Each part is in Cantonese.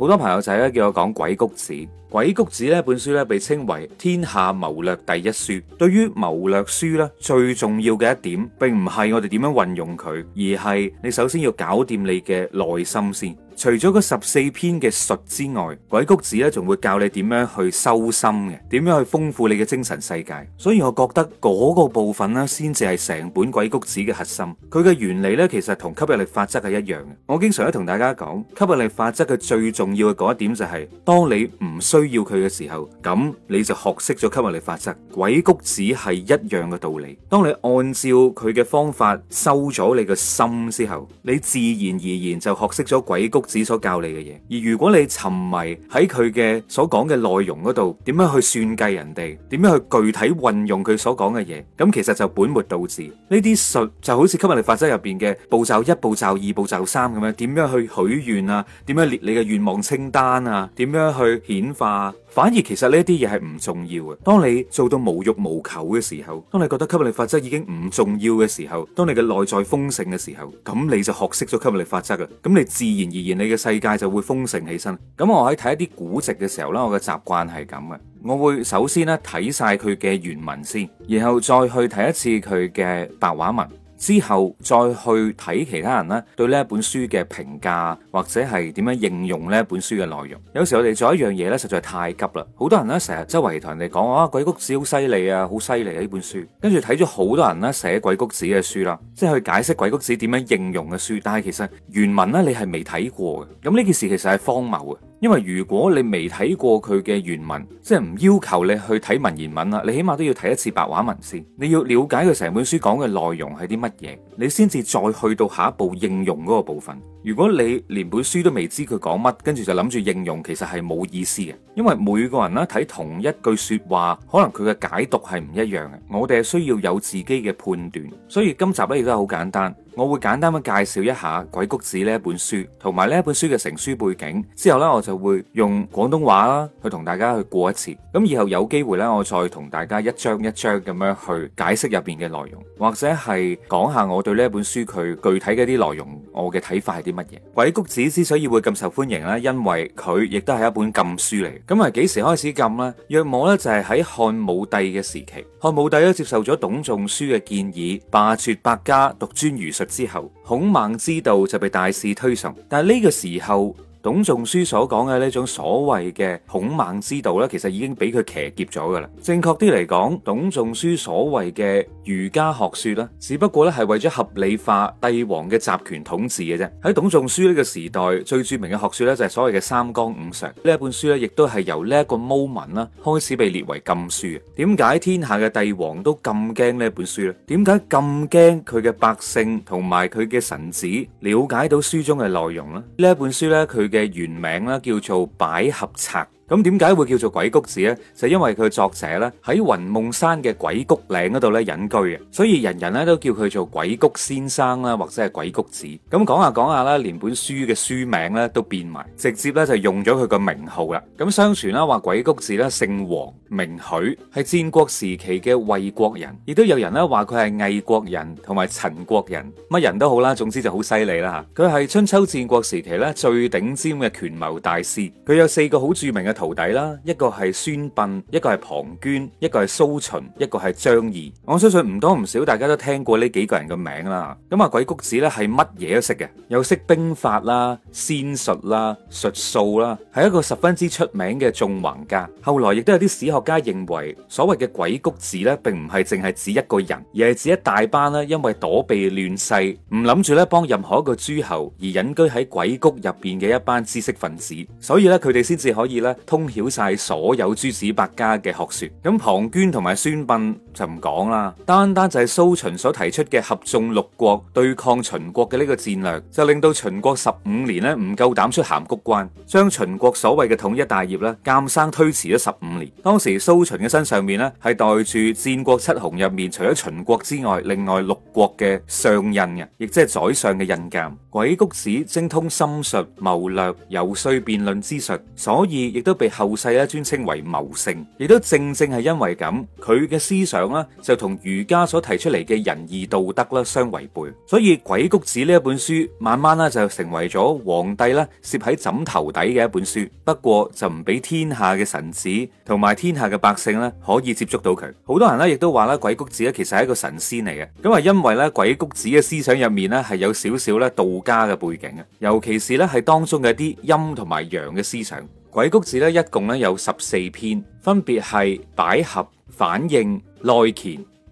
好多朋友仔咧叫我講《鬼谷子》，《鬼谷子》呢本書咧被稱為天下謀略第一書。對於謀略書咧，最重要嘅一點，並唔係我哋點樣運用佢，而係你首先要搞掂你嘅內心先。除咗嗰十四篇嘅術之外，《鬼谷子》咧仲會教你點樣去修心嘅，點樣去豐富你嘅精神世界。所以我覺得嗰、那個部分咧，先至係成本《鬼谷子》嘅核心。佢嘅原理咧，其實同吸引力法則係一樣嘅。我經常都同大家講，吸引力法則嘅最重要嘅嗰一點就係、是，當你唔需要佢嘅時候，咁你就學識咗吸引力法則。《鬼谷子》係一樣嘅道理。當你按照佢嘅方法收咗你嘅心之後，你自然而然就學識咗《鬼谷》所教你嘅嘢，而如果你沉迷喺佢嘅所講嘅內容嗰度，點樣去算計人哋，點樣去具體運用佢所講嘅嘢，咁其實就本末倒置。呢啲術就好似吸引力法則入邊嘅步驟一，一步驟二，步驟三咁樣，點樣去許願啊？點樣列你嘅願望清單啊？點樣去顯化啊？反而其實呢啲嘢係唔重要嘅。當你做到無欲無求嘅時候，當你覺得吸引力法則已經唔重要嘅時候，當你嘅內在豐盛嘅時候，咁你就學識咗吸引力法則啊！咁你自然而然你嘅世界就會豐盛起身。咁我喺睇一啲古籍嘅時候啦，我嘅習慣係咁嘅，我會首先呢睇晒佢嘅原文先，然後再去睇一次佢嘅白話文。之後再去睇其他人咧對呢一本書嘅評價，或者係點樣應用呢一本書嘅內容。有時我哋做一樣嘢呢，實在太急啦。好多人呢，成日周圍同人哋講啊鬼谷子好犀利啊，好犀利啊呢本書。跟住睇咗好多人呢寫鬼谷子嘅書啦，即係去解釋鬼谷子點樣應用嘅書。但係其實原文呢，你係未睇過嘅，咁呢件事其實係荒謬嘅。因為如果你未睇過佢嘅原文，即係唔要求你去睇文言文啦，你起碼都要睇一次白話文先，你要了解佢成本書講嘅內容係啲乜嘢，你先至再去到下一步應用嗰個部分。如果你連本書都未知佢講乜，跟住就諗住應用，其實係冇意思嘅。因為每個人咧睇同一句說話，可能佢嘅解讀係唔一樣嘅。我哋係需要有自己嘅判斷。所以今集咧亦都好簡單，我會簡單咁介紹一下《鬼谷子》呢一本書，同埋呢一本書嘅成書背景。之後呢，我就會用廣東話啦去同大家去過一次。咁以後有機會咧，我再同大家一章一章咁樣去解釋入邊嘅內容，或者係講下我對呢一本書佢具體嘅啲內容，我嘅睇法係點。鬼谷子之所以會咁受歡迎呢，因為佢亦都係一本禁書嚟。咁係幾時開始禁呢？約莫呢就係喺漢武帝嘅時期，漢武帝都接受咗董仲舒嘅建議，罷黜百家，獨尊儒術之後，孔孟之道就被大肆推崇。但係呢個時候，董仲舒所講嘅呢種所謂嘅孔孟之道呢，其實已經俾佢騎劫咗噶啦。正確啲嚟講，董仲舒所謂嘅儒家學說呢，只不過呢係為咗合理化帝王嘅集權統治嘅啫。喺董仲舒呢個時代，最著名嘅學說呢，就係所謂嘅三綱五常。呢一本書呢，亦都係由呢一個 moment 開始被列為禁書。點解天下嘅帝王都咁驚呢本書呢？點解咁驚佢嘅百姓同埋佢嘅臣子了解到書中嘅內容呢？呢一本書呢，佢。嘅原名咧，叫做百合策。咁點解會叫做鬼谷子呢？就因為佢個作者咧喺雲夢山嘅鬼谷嶺嗰度咧隱居啊，所以人人咧都叫佢做鬼谷先生啦，或者係鬼谷子。咁、嗯、講下講下啦，連本書嘅書名咧都變埋，直接咧就用咗佢個名號啦。咁、嗯、相傳啦話鬼谷子咧姓王名許，係戰國時期嘅魏國人，亦都有人咧話佢係魏國人同埋陳國人，乜人都好啦，總之就好犀利啦嚇。佢係春秋戰國時期咧最頂尖嘅權謀大師，佢有四個好著名嘅。徒弟啦，一個係孫臏，一個係龐涓，一個係蘇秦，一個係張儀。我相信唔多唔少，大家都聽過呢幾個人嘅名啦。咁、嗯、啊，鬼谷子呢係乜嘢都識嘅，又識兵法啦、仙術啦、術數啦，係一個十分之出名嘅縱橫家。後來亦都有啲史學家認為，所謂嘅鬼谷子呢並唔係淨係指一個人，而係指一大班呢，因為躲避亂世，唔諗住咧幫任何一個諸侯而隱居喺鬼谷入邊嘅一班知識分子，所以咧佢哋先至可以呢。通曉晒所有諸子百家嘅學說，咁龐涓同埋孫臏就唔講啦，單單就係蘇秦所提出嘅合縱六國對抗秦國嘅呢個戰略，就令到秦國十五年咧唔夠膽出函谷關，將秦國所謂嘅統一大業咧，生生推遲咗十五年。當時蘇秦嘅身上面咧係帶住戰國七雄入面除咗秦國之外，另外六國嘅上印嘅，亦即係宰相嘅印鑑。鬼谷子精通心術、謀略、遊說、辯論之術，所以亦都。被後世咧尊稱為謀聖，亦都正正係因為咁，佢嘅思想咧就同儒家所提出嚟嘅仁義道德啦相違背，所以《鬼谷子》呢一本書，慢慢咧就成為咗皇帝咧攝喺枕頭底嘅一本書。不過就唔俾天下嘅臣子同埋天下嘅百姓咧可以接觸到佢。好多人咧亦都話咧《鬼谷子》咧其實係一個神仙嚟嘅，咁係因為咧《鬼谷子》嘅思想入面咧係有少少咧道家嘅背景啊，尤其是咧係當中嘅啲陰同埋陽嘅思想。鬼谷子咧，一共咧有十四篇，分別係捭闔、反應、內揵、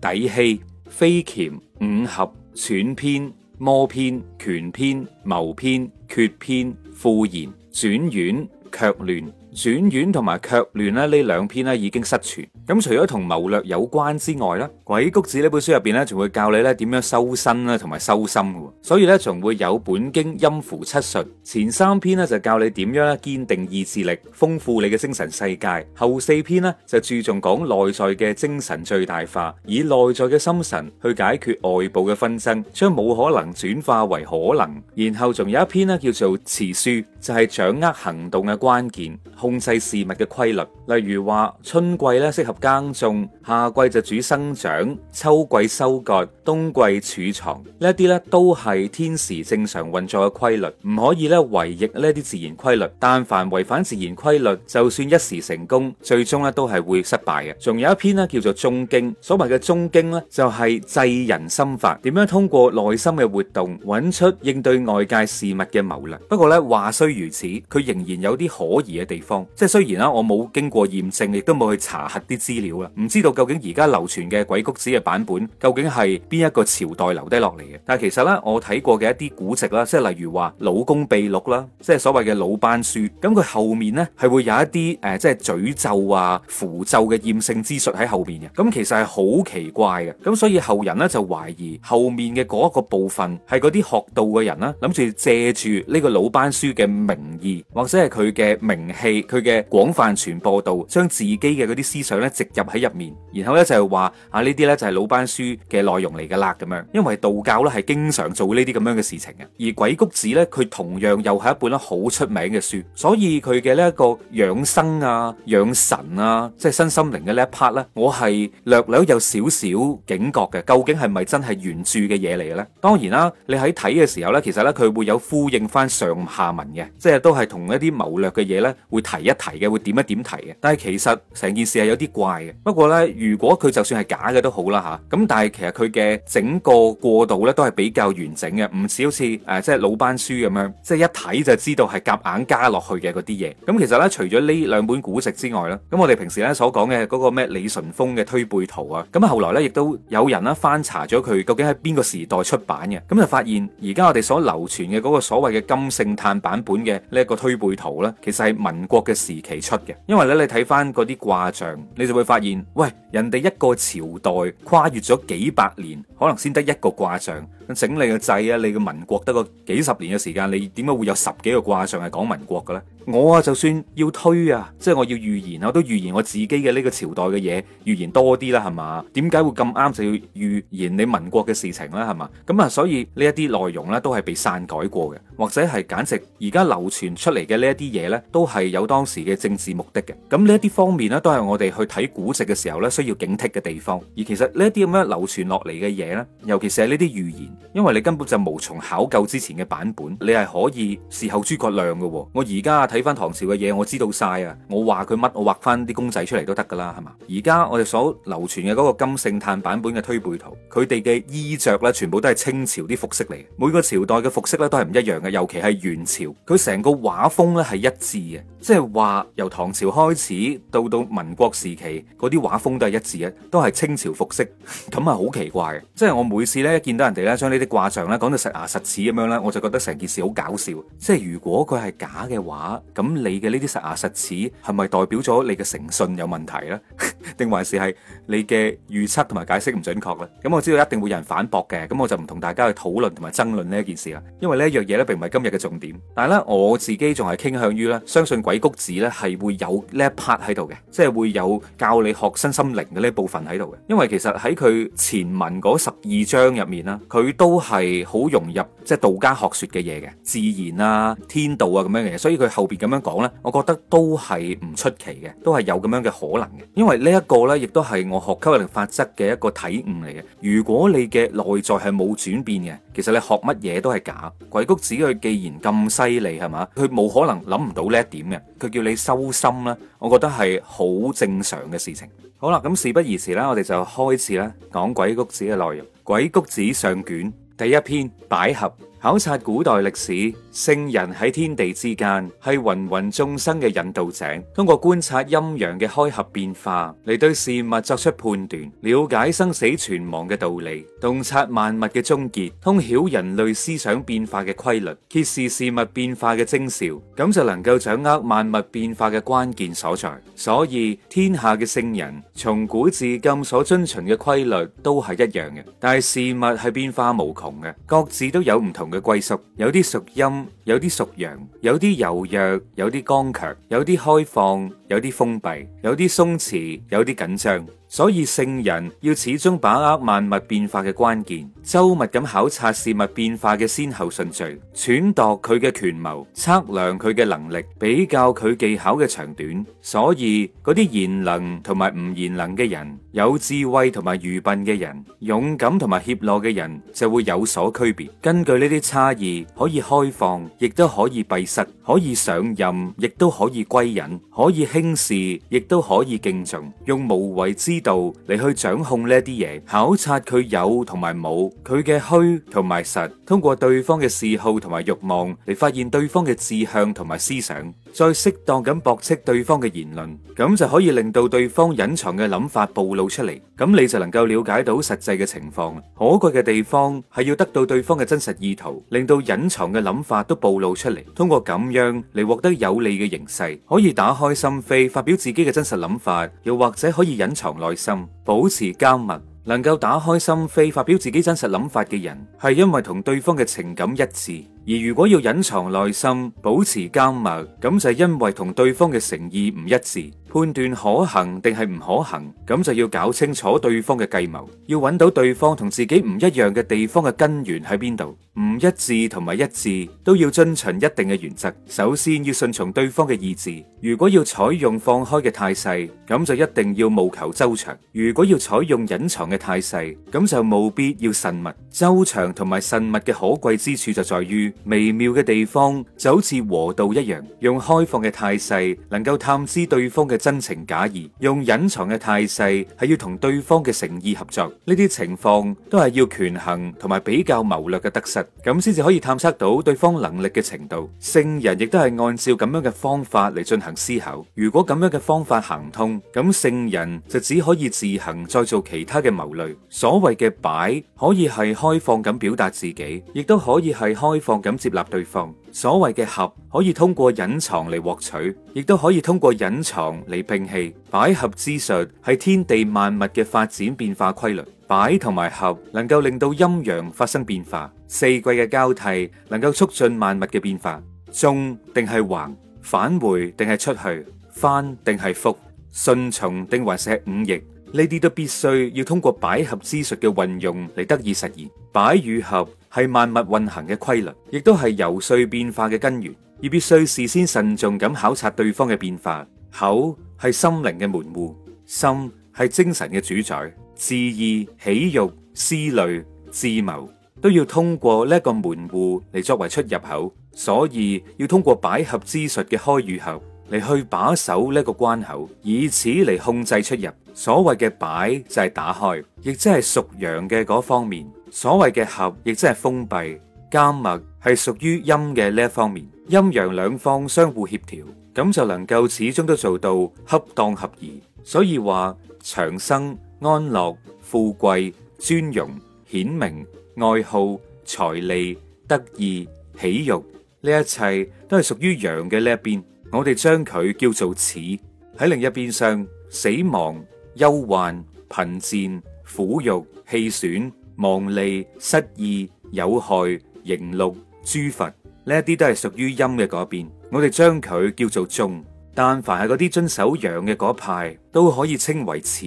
抵巇、飛箝、忤合、揣篇、摩篇、權篇、謀篇、決篇、符言、轉丸、胠亂。《轉院》同埋《卻亂》咧，呢兩篇咧已經失傳。咁除咗同謀略有關之外咧，《鬼谷子》呢本書入邊咧，仲會教你咧點樣修身啦，同埋修心嘅。所以咧，仲會有本經音符七術，前三篇呢，就教你點樣咧堅定意志力，豐富你嘅精神世界；後四篇呢，就注重講內在嘅精神最大化，以內在嘅心神去解決外部嘅紛爭，將冇可能轉化為可能。然後仲有一篇咧叫做《辭書》，就係掌握行動嘅關鍵。控制事物嘅規律，例如話春季咧適合耕種，夏季就主生長，秋季收割，冬季儲藏，呢一啲咧都係天時正常運作嘅規律，唔可以咧違逆呢啲自然規律。但凡違反自然規律，就算一時成功，最終咧都係會失敗嘅。仲有一篇咧叫做《中經》，所謂嘅《中經》咧就係制人心法，點樣通過內心嘅活動，揾出應對外界事物嘅謀略。不過咧話雖如此，佢仍然有啲可疑嘅地方。即係雖然啦，我冇經過驗證，亦都冇去查核啲資料啦，唔知道究竟而家流傳嘅鬼谷子嘅版本究竟係邊一個朝代留低落嚟嘅。但係其實呢，我睇過嘅一啲古籍啦，即係例如話《老公秘錄》啦，即係所謂嘅魯班書，咁佢後面呢，係會有一啲誒、呃，即係詛咒啊、符咒嘅厭勝之術喺後面嘅。咁其實係好奇怪嘅，咁所以後人呢，就懷疑後面嘅嗰一個部分係嗰啲學道嘅人啦，諗住借住呢個魯班書嘅名義或者係佢嘅名氣。佢嘅廣泛傳播度，將自己嘅嗰啲思想咧植入喺入面，然後咧就係、是、話啊呢啲咧就係魯班書嘅內容嚟嘅啦咁樣，因為道教咧係經常做呢啲咁樣嘅事情嘅，而鬼谷子咧佢同樣又係一本咧好出名嘅書，所以佢嘅呢一個養生啊、養神啊，即係身心靈嘅呢一 part 咧，我係略略有少少警覺嘅，究竟係咪真係原著嘅嘢嚟嘅咧？當然啦，你喺睇嘅時候咧，其實咧佢會有呼應翻上下文嘅，即係都係同一啲謀略嘅嘢咧會。提一提嘅，會點一點提嘅。但係其實成件事係有啲怪嘅。不過咧，如果佢就算係假嘅都好啦吓，咁但係其實佢嘅整個過渡咧都係比較完整嘅，唔似好似誒即係魯班書咁樣，即係一睇就知道係夾硬加落去嘅嗰啲嘢。咁其實咧，除咗呢兩本古籍之外咧，咁我哋平時咧所講嘅嗰個咩李淳風嘅推背圖啊，咁後來咧亦都有人咧翻查咗佢究竟喺邊個時代出版嘅，咁就發現而家我哋所流傳嘅嗰個所謂嘅金聖嘆版本嘅呢一個推背圖咧，其實係民國，嘅時期出嘅，因為咧，你睇翻嗰啲卦象，你就會發現，喂，人哋一個朝代跨越咗幾百年，可能先得一個卦象。整理嘅掣啊，你嘅民國得個幾十年嘅時間，你點解會有十幾個卦象係講民國嘅咧？我啊，就算要推啊，即係我要預言，我都預言我自己嘅呢個朝代嘅嘢，預言多啲啦，係嘛？點解會咁啱就要預言你民國嘅事情咧？係嘛？咁啊，所以呢一啲內容呢都係被刪改過嘅，或者係簡直而家流傳出嚟嘅呢一啲嘢呢，都係有當時嘅政治目的嘅。咁呢一啲方面呢，都係我哋去睇古籍嘅時候呢，需要警惕嘅地方。而其實呢啲咁樣流傳落嚟嘅嘢呢，尤其是係呢啲預言。因為你根本就無從考究之前嘅版本，你係可以事後諸葛亮嘅喎。我而家睇翻唐朝嘅嘢，我知道晒啊！我話佢乜，我畫翻啲公仔出嚟都得噶啦，係嘛？而家我哋所流傳嘅嗰個金聖嘆版本嘅推背圖，佢哋嘅衣着呢，全部都係清朝啲服飾嚟。每個朝代嘅服飾呢，都係唔一樣嘅，尤其係元朝，佢成個畫風呢，係一致嘅，即係話由唐朝開始到到民國時期嗰啲畫風都係一致嘅，都係清朝服飾，咁係好奇怪，即係我每次呢，見到人哋呢。呢啲卦象咧，講到實牙實齒咁樣咧，我就覺得成件事好搞笑。即係如果佢係假嘅話，咁你嘅呢啲實牙實齒係咪代表咗你嘅誠信有問題咧？定還是係你嘅預測同埋解釋唔準確咧？咁我知道一定會有人反駁嘅，咁我就唔同大家去討論同埋爭論呢一件事啦。因為呢一樣嘢咧，並唔係今日嘅重點。但係咧，我自己仲係傾向於咧，相信鬼谷子咧係會有呢一 part 喺度嘅，即係會有教你學身心靈嘅呢一部分喺度嘅。因為其實喺佢前文嗰十二章入面啦，佢都係好融入即係、就是、道家學說嘅嘢嘅自然啊、天道啊咁樣嘅嘢，所以佢後邊咁樣講呢，我覺得都係唔出奇嘅，都係有咁樣嘅可能嘅。因為呢一個呢，亦都係我學吸引力法則嘅一個體悟嚟嘅。如果你嘅內在係冇轉變嘅，其實你學乜嘢都係假。鬼谷子佢既然咁犀利係嘛，佢冇可能諗唔到呢一點嘅，佢叫你收心啦，我覺得係好正常嘅事情。好啦，咁事不宜遲啦，我哋就開始啦，講鬼谷子嘅內容。《鬼谷子》上卷第一篇捭闔。考察古代歷史，聖人喺天地之間，係芸芸眾生嘅引導者。通過觀察陰陽嘅開合變化，嚟對事物作出判斷，了解生死存亡嘅道理，洞察萬物嘅終結，通曉人類思想變化嘅規律，揭示事物變化嘅徵兆，咁就能夠掌握萬物變化嘅關鍵所在。所以天下嘅聖人，從古至今所遵循嘅規律都係一樣嘅，但係事物係變化無窮嘅，各自都有唔同。嘅歸屬有啲屬陰，有啲屬陽，有啲柔弱，有啲剛強，有啲開放，有啲封閉，有啲鬆弛，有啲緊張。所以聖人要始終把握萬物變化嘅關鍵，周密咁考察事物變化嘅先後順序，揣度佢嘅權謀，測量佢嘅能力，比較佢技巧嘅長短。所以嗰啲賢能同埋唔賢能嘅人，有智慧同埋愚笨嘅人，勇敢同埋怯懦嘅人，就會有所區別。根據呢啲差異，可以開放，亦都可以閉塞；可以上任，亦都可以歸隱；可以輕視，亦都可以敬重。用無為之。度嚟去掌控呢啲嘢，考察佢有同埋冇，佢嘅虛同埋實，通過對方嘅嗜好同埋欲望嚟發現對方嘅志向同埋思想。再適當咁駁斥對方嘅言論，咁就可以令到對方隱藏嘅諗法暴露出嚟，咁你就能夠了解到實際嘅情況。可貴嘅地方係要得到對方嘅真實意圖，令到隱藏嘅諗法都暴露出嚟。通過咁樣嚟獲得有利嘅形勢，可以打開心扉，發表自己嘅真實諗法，又或者可以隱藏內心，保持緘默。能夠打開心扉，發表自己真實諗法嘅人，係因為同對方嘅情感一致。而如果要隱藏內心，保持緘默，咁就係因為同對方嘅誠意唔一致。判斷可行定係唔可行，咁就要搞清楚對方嘅計謀，要揾到對方同自己唔一樣嘅地方嘅根源喺邊度。唔一致同埋一致都要遵循一定嘅原則，首先要順從對方嘅意志。如果要採用放開嘅態勢，咁就一定要務求周詳；如果要採用隱藏嘅態勢，咁就務必要慎密。周詳同埋慎密嘅可貴之處就在於。微妙嘅地方就好似和道一樣，用開放嘅態勢能夠探知對方嘅真情假意；用隱藏嘅態勢係要同對方嘅誠意合作。呢啲情況都係要權衡同埋比較謀略嘅得失，咁先至可以探測到對方能力嘅程度。聖人亦都係按照咁樣嘅方法嚟進行思考。如果咁樣嘅方法行唔通，咁聖人就只可以自行再做其他嘅謀略。所謂嘅擺，可以係開放咁表達自己，亦都可以係開放。咁接納對方，所謂嘅合可以通過隱藏嚟獲取，亦都可以通過隱藏嚟摒棄。擺合之術係天地萬物嘅發展變化規律，擺同埋合能夠令到陰陽發生變化，四季嘅交替能夠促進萬物嘅變化。中定係橫，返回定係出去，翻定係覆，順從定還是忤逆，呢啲都必須要通過擺合之術嘅運用嚟得以實現。擺與合。係萬物運行嘅規律，亦都係遊說變化嘅根源，而必須事先慎重咁考察對方嘅變化。口係心靈嘅門戶，心係精神嘅主宰，志意、喜欲、思慮、智謀，都要通過呢個門戶嚟作為出入口，所以要通過捭闔之術嘅開與合。你去把守呢個關口，以此嚟控制出入。所謂嘅擺就係打開，亦即係屬陽嘅嗰方面；所謂嘅合，亦即係封閉、監密，係屬於陰嘅呢一方面。陰陽兩方相互協調，咁就能夠始終都做到恰當合宜。所以話長生、安樂、富貴、尊榮、顯明、愛好、財利、得意、喜欲，呢一切都係屬於陽嘅呢一邊。我哋將佢叫做始。喺另一邊上死亡、憂患、貧賤、苦辱、棄損、亡利、失意、有害、刑戮、誅罰，呢一啲都係屬於陰嘅嗰邊，我哋將佢叫做終」。但凡係嗰啲遵守陽嘅嗰派，都可以稱為始。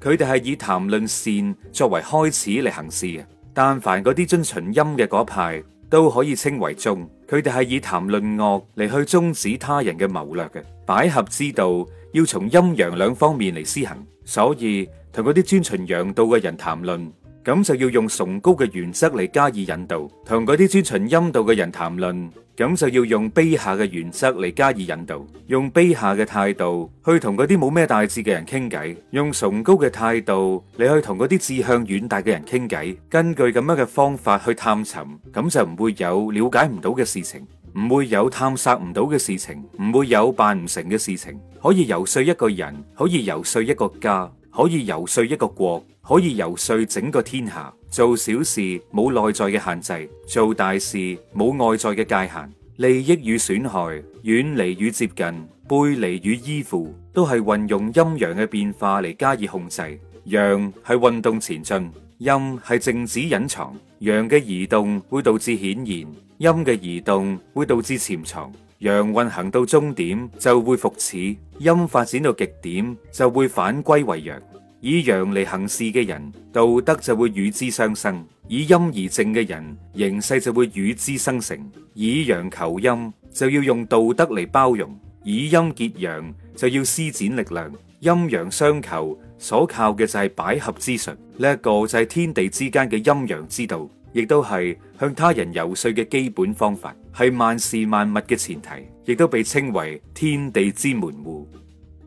佢哋係以談論善作為開始嚟行事嘅。但凡嗰啲遵循陰嘅嗰派，都可以稱為終」。佢哋係以談論惡嚟去終止他人嘅謀略嘅，捭闔之道要從陰陽兩方面嚟施行，所以同嗰啲專循陽道嘅人談論，咁就要用崇高嘅原則嚟加以引導，同嗰啲專尋陰道嘅人談論；咁就要用卑下嘅原則嚟加以引導，用卑下嘅態度去同嗰啲冇咩大志嘅人傾偈，用崇高嘅態度嚟去同嗰啲志向遠大嘅人傾偈。根據咁樣嘅方法去探尋，咁就唔會有了解唔到嘅事情，唔會有探索唔到嘅事情，唔會有辦唔成嘅事情。可以游說一個人，可以游說一個家。可以遊說一個國，可以遊說整個天下。做小事冇內在嘅限制，做大事冇外在嘅界限。利益與損害，遠離與接近，背離與依附，都係運用陰陽嘅變化嚟加以控制。陽係運動前進，陰係靜止隱藏。陽嘅移動會導致顯現，陰嘅移動會導致潛藏。陽運行到終點就會復始，陰發展到極點就會反歸為陽。以陽嚟行事嘅人，道德就會與之相生；以陰而靜嘅人，形勢就會與之生成。以陽求陰，就要用道德嚟包容；以陰結陽，就要施展力量。陰陽相求，所靠嘅就係捭闔之術。呢一個就係天地之間嘅陰陽之道，亦都係向他人游說嘅基本方法，係萬事萬物嘅前提，亦都被稱為天地之門戶。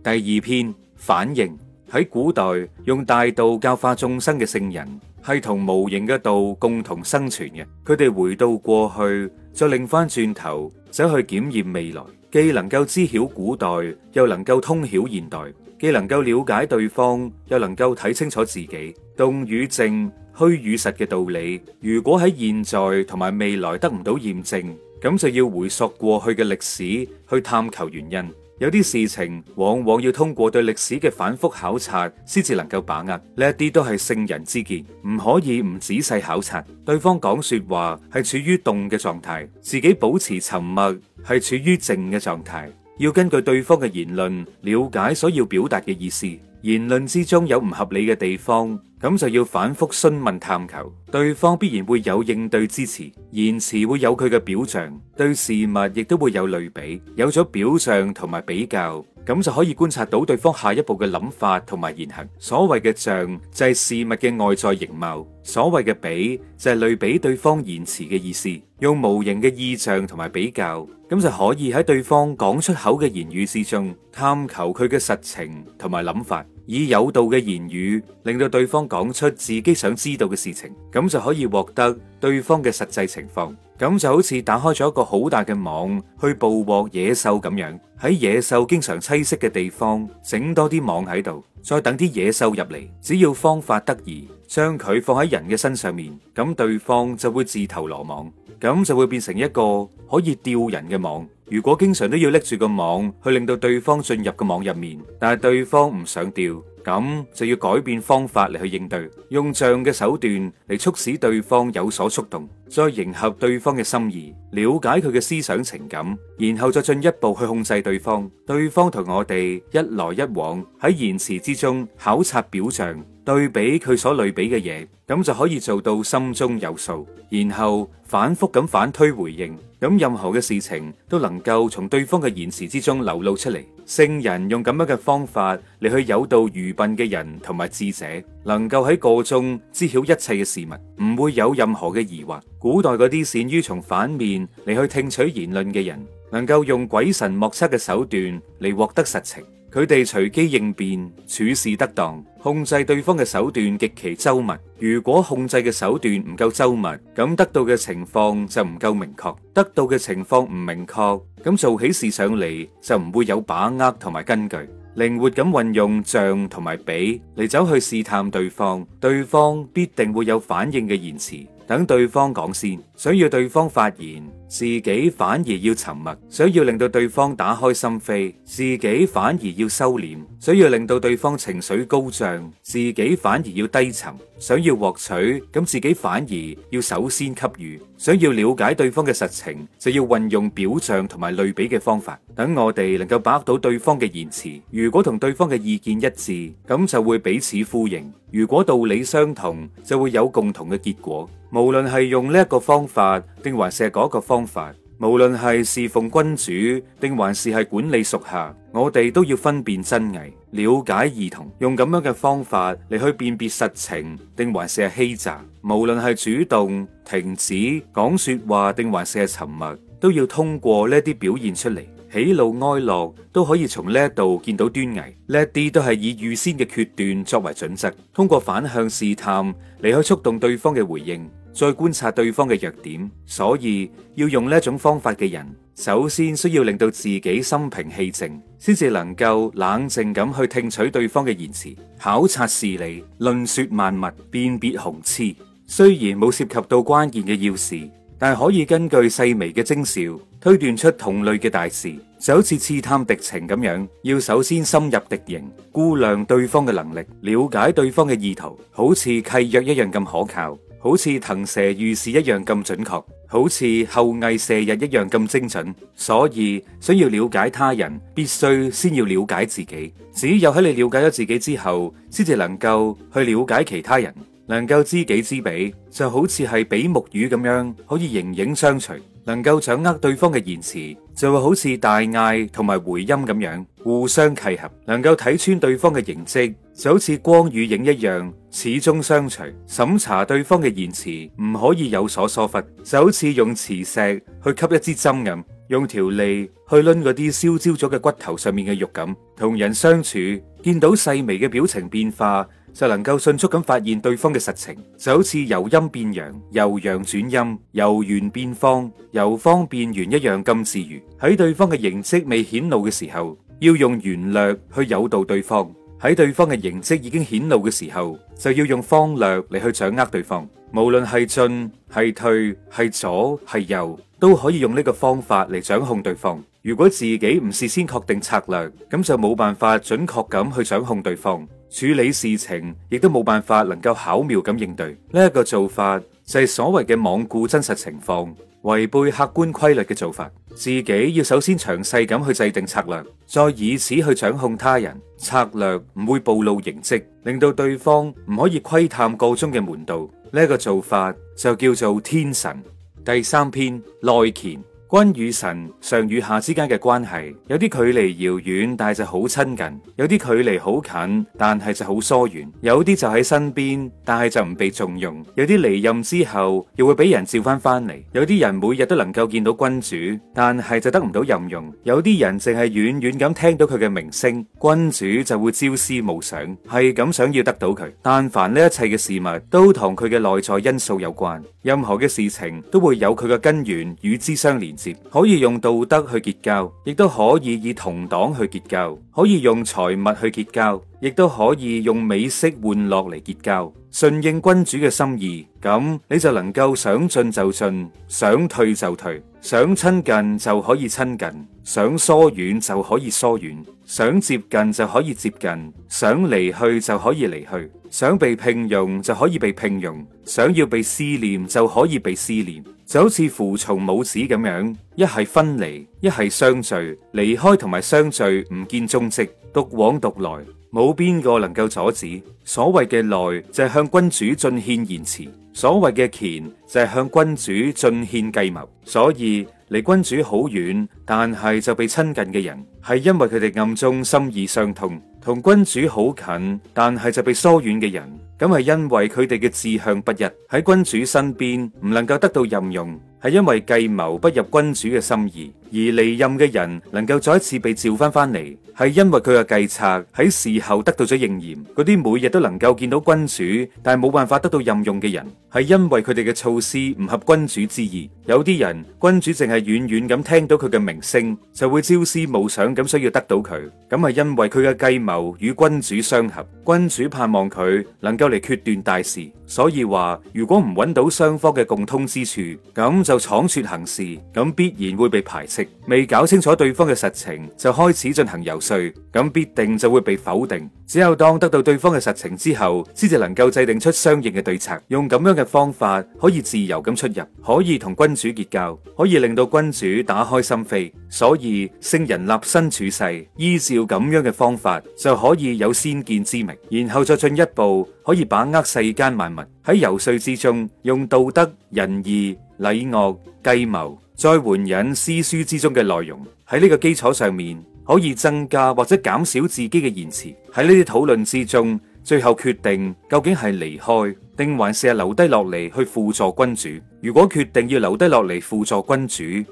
第二篇反應。喺古代用大道教化眾生嘅聖人，係同無形嘅道共同生存嘅。佢哋回到過去，再擰翻轉頭，走去檢驗未來，既能夠知曉古代，又能夠通曉現代，既能夠了解對方，又能夠睇清楚自己。動與靜、虛與實嘅道理，如果喺現在同埋未來得唔到驗證，咁就要回溯過去嘅歷史去探求原因。有啲事情往往要通過對歷史嘅反覆考察，先至能夠把握。呢一啲都係聖人之見，唔可以唔仔細考察。對方講說話係處於動嘅狀態，自己保持沉默係處於靜嘅狀態。要根據對方嘅言論了解所要表達嘅意思，言論之中有唔合理嘅地方，咁就要反覆詢問探求，對方必然會有應對之詞，言辭會有佢嘅表象，對事物亦都會有類比。有咗表象同埋比較，咁就可以觀察到對方下一步嘅諗法同埋言行。所謂嘅象就係事物嘅外在形貌，所謂嘅比就係類比對方言辭嘅意思。用無形嘅意象同埋比較，咁就可以喺對方講出口嘅言語之中探求佢嘅實情同埋諗法。以有道嘅言語，令到對方講出自己想知道嘅事情，咁就可以獲得對方嘅實際情況。咁就好似打開咗一個好大嘅網去捕獲野獸咁樣，喺野獸經常棲息嘅地方整多啲網喺度，再等啲野獸入嚟。只要方法得宜，將佢放喺人嘅身上面，咁對方就會自投羅網，咁就會變成一個可以釣人嘅網。如果經常都要拎住個網去令到對方進入個網入面，但係對方唔想釣，咁就要改變方法嚟去應對，用象嘅手段嚟促使對方有所觸動，再迎合對方嘅心意，了解佢嘅思想情感，然後再進一步去控制對方。對方同我哋一來一往喺言辭之中考察表象。對比佢所類比嘅嘢，咁就可以做到心中有數，然後反覆咁反推回應，咁任何嘅事情都能夠從對方嘅言辭之中流露出嚟。聖人用咁樣嘅方法嚟去誘導愚笨嘅人同埋智者，能夠喺個中知曉一切嘅事物，唔會有任何嘅疑惑。古代嗰啲善於從反面嚟去聽取言論嘅人，能夠用鬼神莫測嘅手段嚟獲得實情。佢哋隨機應變，處事得當，控制對方嘅手段極其周密。如果控制嘅手段唔夠周密，咁得到嘅情況就唔夠明確。得到嘅情況唔明確，咁做起事上嚟就唔會有把握同埋根據。靈活咁運用像同埋比嚟走去試探對方，對方必定會有反應嘅言辭，等對方講先，想要對方發言。自己反而要沉默，想要令到對方打開心扉；自己反而要收斂，想要令到對方情緒高漲；自己反而要低沉，想要獲取。咁自己反而要首先給予，想要了解對方嘅實情，就要運用表象同埋類比嘅方法。等我哋能夠把握到對方嘅言辭。如果同對方嘅意見一致，咁就會彼此呼應；如果道理相同，就會有共同嘅結果。無論係用呢一個方法。定還是嗰一個方法，無論係侍奉君主定還是係管理屬下，我哋都要分辨真偽，了解兒童，用咁樣嘅方法嚟去辨別實情定還是係欺詐。無論係主動停止講說話定還是係沉默，都要通過呢啲表現出嚟，喜怒哀樂都可以從呢度見到端倪。呢啲都係以預先嘅決斷作為準則，通過反向試探嚟去觸動對方嘅回應。再觀察對方嘅弱點，所以要用呢一種方法嘅人，首先需要令到自己心平氣靜，先至能夠冷靜咁去聽取對方嘅言辭，考察事理，論說萬物，辨別雄雌。雖然冇涉及到關鍵嘅要事，但係可以根據細微嘅徵兆推斷出同類嘅大事，就好似刺探敵情咁樣，要首先深入敵營，估量對方嘅能力，了解對方嘅意圖，好似契約一樣咁可靠。好似騰蛇遇事一樣咁準確，好似后羿射日一樣咁精準，所以想要了解他人，必須先要了解自己。只有喺你了解咗自己之後，先至能夠去了解其他人，能夠知己知彼，就好似係比目魚咁樣，可以形影相隨。能夠掌握對方嘅言辭，就會好似大嗌同埋回音咁樣互相契合。能夠睇穿對方嘅形跡，就好似光與影一樣，始終相隨。審查對方嘅言辭，唔可以有所疏忽，就好似用磁石去吸一支針咁，用條脷去掄嗰啲燒焦咗嘅骨頭上面嘅肉咁。同人相處，見到細微嘅表情變化。就能夠迅速咁發現對方嘅實情，就好似由陰變陽，由陽轉陰，由圓變方，由方變圓一樣咁自如。喺對方嘅形迹未顯露嘅時候，要用圓略去誘導對方；喺對方嘅形迹已經顯露嘅時候，就要用方略嚟去掌握對方。無論係進係退係左係右，都可以用呢個方法嚟掌控對方。如果自己唔事先確定策略，咁就冇辦法準確咁去掌控對方。處理事情亦都冇辦法能夠巧妙咁應對，呢一個做法就係所謂嘅罔顧真實情況、違背客觀規律嘅做法。自己要首先詳細咁去制定策略，再以此去掌控他人。策略唔會暴露形迹，令到對方唔可以窺探個中嘅門道。呢一個做法就叫做天神第三篇內揵。君與臣、上與下之間嘅關係，有啲距離遙遠，但係就好親近；有啲距離好近，但係就好疏遠；有啲就喺身邊，但係就唔被重用；有啲離任之後，又會俾人召翻翻嚟；有啲人每日都能夠見到君主，但係就得唔到任用；有啲人淨係遠遠咁聽到佢嘅名聲，君主就會朝思暮想，係咁想要得到佢。但凡呢一切嘅事物，都同佢嘅內在因素有關，任何嘅事情都會有佢嘅根源與之相連。可以用道德去結交，亦都可以以同黨去結交；可以用財物去結交，亦都可以用美式玩樂嚟結交。順應君主嘅心意，咁你就能夠想進就進，想退就退，想親近就可以親近，想疏遠就可以疏遠。想接近就可以接近，想離去就可以離去，想被聘用就可以被聘用，想要被思念就可以被思念，就好似扶從母子咁樣，一係分離，一係相聚，離開同埋相聚，唔見蹤跡，獨往獨來，冇邊個能夠阻止。所謂嘅內就係向君主進獻言辭，所謂嘅揵就係向君主進獻計謀，所以。離君主好遠，但係就被親近嘅人，係因為佢哋暗中心意相通；同君主好近，但係就被疏遠嘅人。咁係因為佢哋嘅志向不一，喺君主身邊唔能夠得到任用，係因為計謀不入君主嘅心意；而離任嘅人能夠再一次被召翻翻嚟，係因為佢嘅計策喺事後得到咗應驗。嗰啲每日都能夠見到君主，但係冇辦法得到任用嘅人，係因為佢哋嘅措施唔合君主之意。有啲人君主淨係遠遠咁聽到佢嘅名聲，就會朝思暮想咁想要得到佢。咁係因為佢嘅計謀與君主相合，君主盼望佢能夠。嚟決斷大事，所以話如果唔搵到雙方嘅共通之處，咁就闖出行事，咁必然會被排斥。未搞清楚對方嘅實情就開始進行游說，咁必定就會被否定。只有當得到對方嘅實情之後，先至能夠制定出相應嘅對策。用咁樣嘅方法可以自由咁出入，可以同君主結交，可以令到君主打開心扉。所以聖人立身處世，依照咁樣嘅方法就可以有先見之明，然後再進一步。可以把握世間萬物。喺遊說之中，用道德仁義禮樂計謀，再援引詩書之中嘅內容。喺呢個基礎上面，可以增加或者減少自己嘅言辭。喺呢啲討論之中，最後決定究竟係離開，定還是係留低落嚟去輔助君主。如果決定要留低落嚟輔助君主。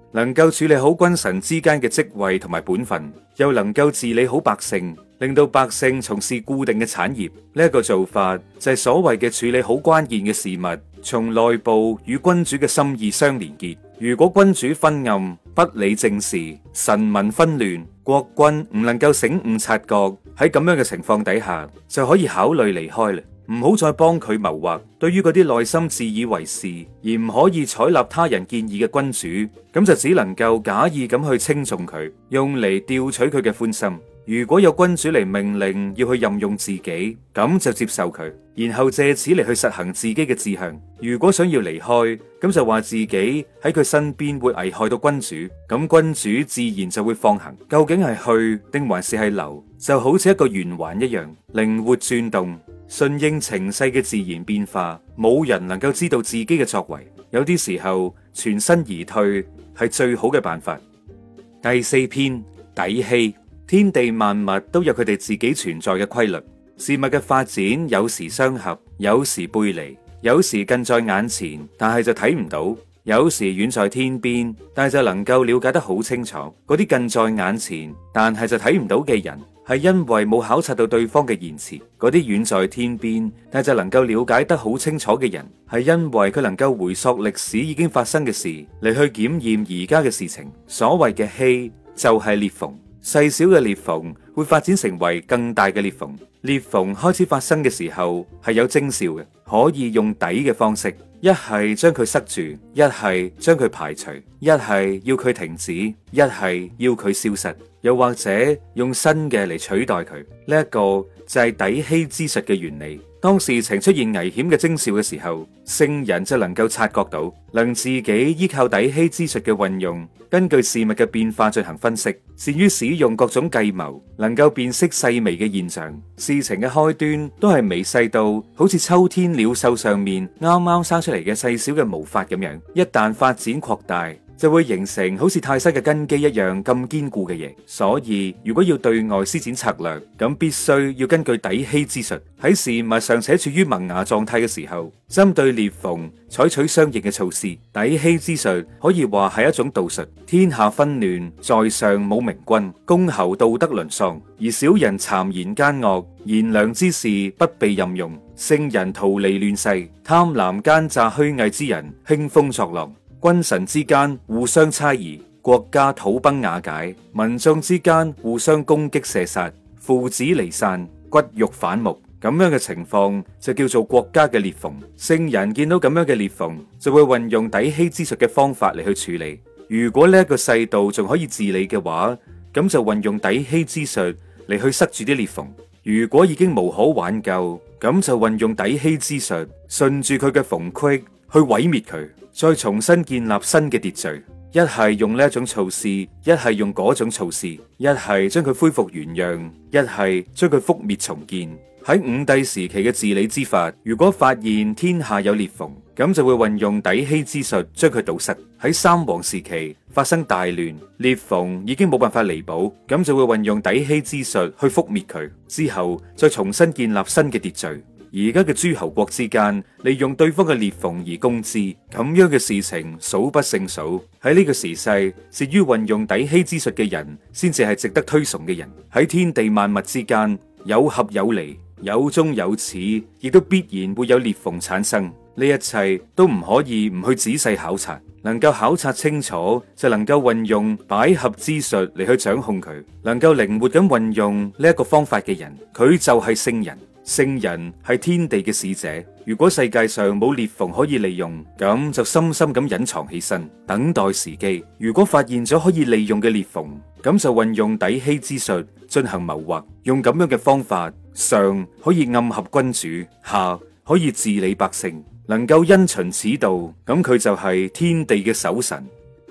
能夠處理好君臣之間嘅職位同埋本分，又能夠治理好百姓，令到百姓從事固定嘅產業，呢一個做法就係所謂嘅處理好關鍵嘅事物，從內部與君主嘅心意相連結。如果君主昏暗不理政事，臣民紛亂，國君唔能夠醒悟察覺，喺咁樣嘅情況底下，就可以考慮離開啦。唔好再幫佢謀劃，對於嗰啲內心自以為是而唔可以採納他人建議嘅君主，咁就只能夠假意咁去稱頌佢，用嚟調取佢嘅歡心。如果有君主嚟命令要去任用自己，咁就接受佢，然後借此嚟去實行自己嘅志向。如果想要離開，咁就話自己喺佢身邊會危害到君主，咁君主自然就會放行。究竟係去定還是係留，就好似一個圓環一樣，靈活轉動，順應情勢嘅自然變化。冇人能夠知道自己嘅作為，有啲時候全身而退係最好嘅辦法。第四篇：抵巇。天地萬物都有佢哋自己存在嘅規律，事物嘅發展有時相合，有時背離，有時近在眼前，但係就睇唔到；有時遠在天邊，但係就能夠了解得好清楚。嗰啲近在眼前但係就睇唔到嘅人，係因為冇考察到對方嘅言辭；嗰啲遠在天邊但係就能夠了解得好清楚嘅人，係因為佢能夠回溯歷史已經發生嘅事嚟去檢驗而家嘅事情。所謂嘅巇就係裂縫。細小嘅裂縫會發展成為更大嘅裂縫。裂縫開始發生嘅時候係有徵兆嘅，可以用抵嘅方式：一係將佢塞住，一係將佢排除，一係要佢停止，一係要佢消失，又或者用新嘅嚟取代佢。呢一個就係抵巇之術嘅原理。當事情出現危險嘅徵兆嘅時候，聖人就能夠察覺到，能自己依靠抵巇之術嘅運用，根據事物嘅變化進行分析，善於使用各種計謀，能夠辨識細微嘅現象。事情嘅開端都係微細到好似秋天鳥獸上面啱啱生出嚟嘅細小嘅毛髮咁樣，一旦發展擴大，就會形成好似泰山嘅根基一樣咁堅固嘅嘢，所以如果要對外施展策略，咁必須要根據抵巇之術喺事物尚且處於萌芽狀態嘅時候，針對裂縫採取相應嘅措施。抵巇之術可以話係一種道術。天下紛亂，在上冇明君，公侯道德淪喪，而小人讒言奸惡，賢良之士不被任用，聖人逃離亂世，貪婪奸詐虛偽之人興風作浪。君臣之間互相猜疑，國家土崩瓦解，民眾之間互相攻擊射殺，父子離散，骨肉反目。咁樣嘅情況就叫做國家嘅裂縫。聖人見到咁樣嘅裂縫，就會運用抵巇之術嘅方法嚟去處理。如果呢一個世道仲可以治理嘅話，咁就運用抵巇之術嚟去塞住啲裂縫，如果已經無可挽救，咁就運用抵巇之術，順住佢嘅縫隙去毀滅佢。再重新建立新嘅秩序，一係用呢一種措施，一係用嗰種措施，一係將佢恢復原樣，一係將佢覆滅重建。喺五帝時期嘅治理之法，如果發現天下有裂縫，咁就會運用抵巇之術將佢堵塞。喺三王時期發生大亂，裂縫已經冇辦法彌補，咁就會運用抵巇之術去覆滅佢，之後再重新建立新嘅秩序。而家嘅諸侯國之間利用對方嘅裂縫而攻之，咁樣嘅事情數不勝數。喺呢個時勢，至於運用抵巇之術嘅人，先至係值得推崇嘅人。喺天地萬物之間，有合有離，有終有始，亦都必然會有裂縫產生。呢一切都唔可以唔去仔細考察，能夠考察清楚，就能夠運用捭闔之術嚟去掌控佢，能夠靈活咁運用呢一個方法嘅人，佢就係聖人。聖人係天地嘅使者。如果世界上冇裂縫可以利用，咁就深深咁隱藏起身，等待時機。如果發現咗可以利用嘅裂縫，咁就運用抵巇之術進行謀劃。用咁樣嘅方法，上可以暗合君主，下可以治理百姓，能夠因循此道，咁佢就係天地嘅守神。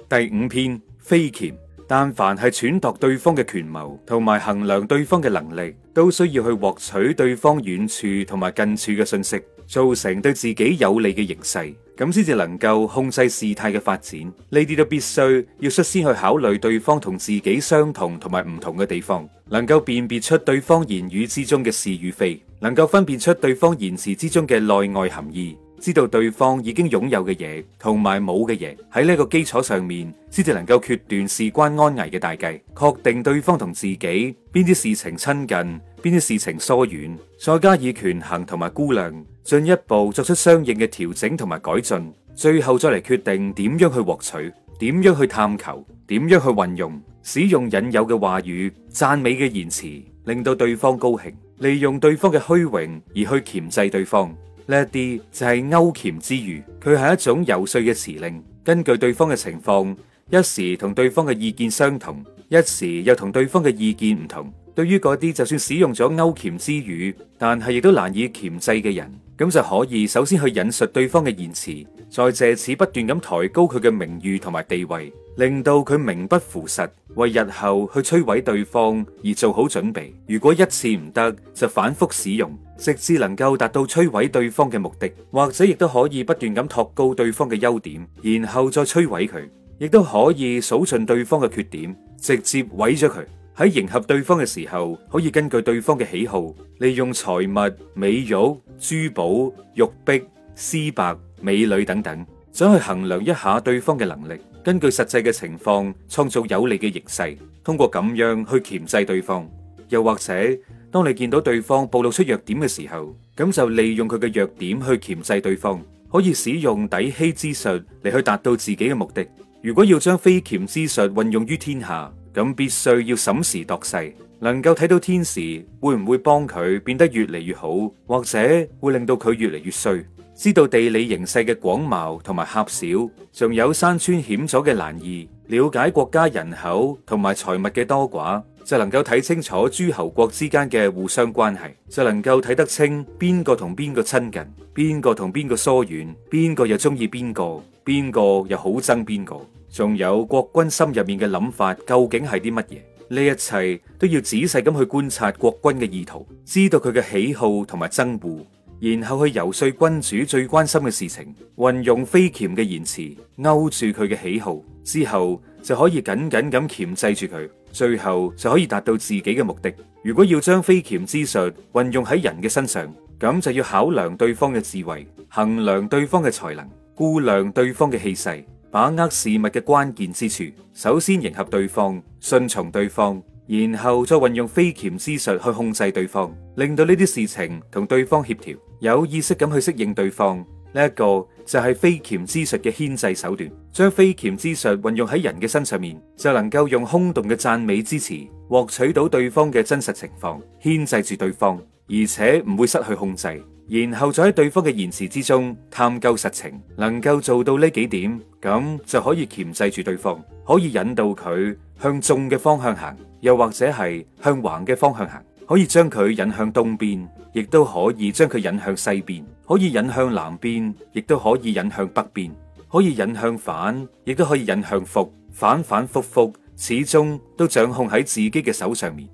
第五篇飛鉗。但凡係揣度對方嘅權謀，同埋衡量對方嘅能力，都需要去獲取對方遠處同埋近處嘅信息，造成對自己有利嘅形勢，咁先至能夠控制事態嘅發展。呢啲都必須要率先去考慮對方同自己相同同埋唔同嘅地方，能夠辨別出對方言語之中嘅是與非，能夠分辨出對方言辭之中嘅內外含義。知道對方已經擁有嘅嘢同埋冇嘅嘢，喺呢個基礎上面，先至能夠決斷事關安危嘅大計，確定對方同自己邊啲事情親近，邊啲事情疏遠，再加以權衡同埋估量，進一步作出相應嘅調整同埋改進，最後再嚟決定點樣去獲取，點樣去探求，點樣去運用，使用引誘嘅話語、讚美嘅言辭，令到對方高興，利用對方嘅虛榮而去鉗制對方。呢一啲就係勾鉗之語，佢係一種游說嘅辭令，根據對方嘅情況，一時同對方嘅意見相同，一時又同對方嘅意見唔同。對於嗰啲就算使用咗勾鉗之語，但係亦都難以鉗制嘅人。咁就可以首先去引述對方嘅言辭，再借此不斷咁抬高佢嘅名譽同埋地位，令到佢名不符實，為日後去摧毀對方而做好準備。如果一次唔得，就反復使用，直至能夠達到摧毀對方嘅目的。或者亦都可以不斷咁托高對方嘅優點，然後再摧毀佢。亦都可以數盡對方嘅缺點，直接毀咗佢。喺迎合對方嘅時候，可以根據對方嘅喜好，利用財物、美玉、珠寶、玉璧、絲帛、美女等等，想去衡量一下對方嘅能力，根據實際嘅情況，創造有利嘅形勢，通過咁樣去鉗制對方。又或者，當你見到對方暴露出弱點嘅時候，咁就利用佢嘅弱點去鉗制對方，可以使用抵巇之術嚟去達到自己嘅目的。如果要將飛箝之術運用於天下。咁必須要審時度勢，能夠睇到天時會唔會幫佢變得越嚟越好，或者會令到佢越嚟越衰。知道地理形勢嘅廣袤同埋狹小，仲有山川險阻嘅難易，了解國家人口同埋財物嘅多寡。就能夠睇清楚諸侯國之間嘅互相關係，就能夠睇得清邊個同邊個親近，邊個同邊個疏遠，邊個又中意邊個，邊個又好憎邊個。仲有國君心入面嘅諗法，究竟係啲乜嘢？呢一切都要仔細咁去觀察國君嘅意圖，知道佢嘅喜好同埋憎惡，然後去游說君主最關心嘅事情，運用飛鉗嘅言辭勾住佢嘅喜好，之後就可以緊緊咁鉗制住佢。最後就可以達到自己嘅目的。如果要將飛鉗之術運用喺人嘅身上，咁就要考量對方嘅智慧，衡量對方嘅才能，估量對方嘅氣勢，把握事物嘅關鍵之處。首先迎合對方，順從對方，然後再運用飛鉗之術去控制對方，令到呢啲事情同對方協調，有意識咁去適應對方呢一個。就係飛箝之術嘅牽制手段，將飛箝之術運用喺人嘅身上面，就能夠用空洞嘅讚美之詞，獲取到對方嘅真實情況，牽制住對方，而且唔會失去控制。然後再喺對方嘅言辭之中探究實情，能夠做到呢幾點，咁就可以鉗制住對方，可以引導佢向縱嘅方向行，又或者係向橫嘅方向行。可以將佢引向東邊，亦都可以將佢引向西邊；可以引向南邊，亦都可以引向北邊；可以引向反，亦都可以引向復，反反復復，始終都掌控喺自己嘅手上面。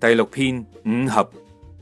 第六篇五合，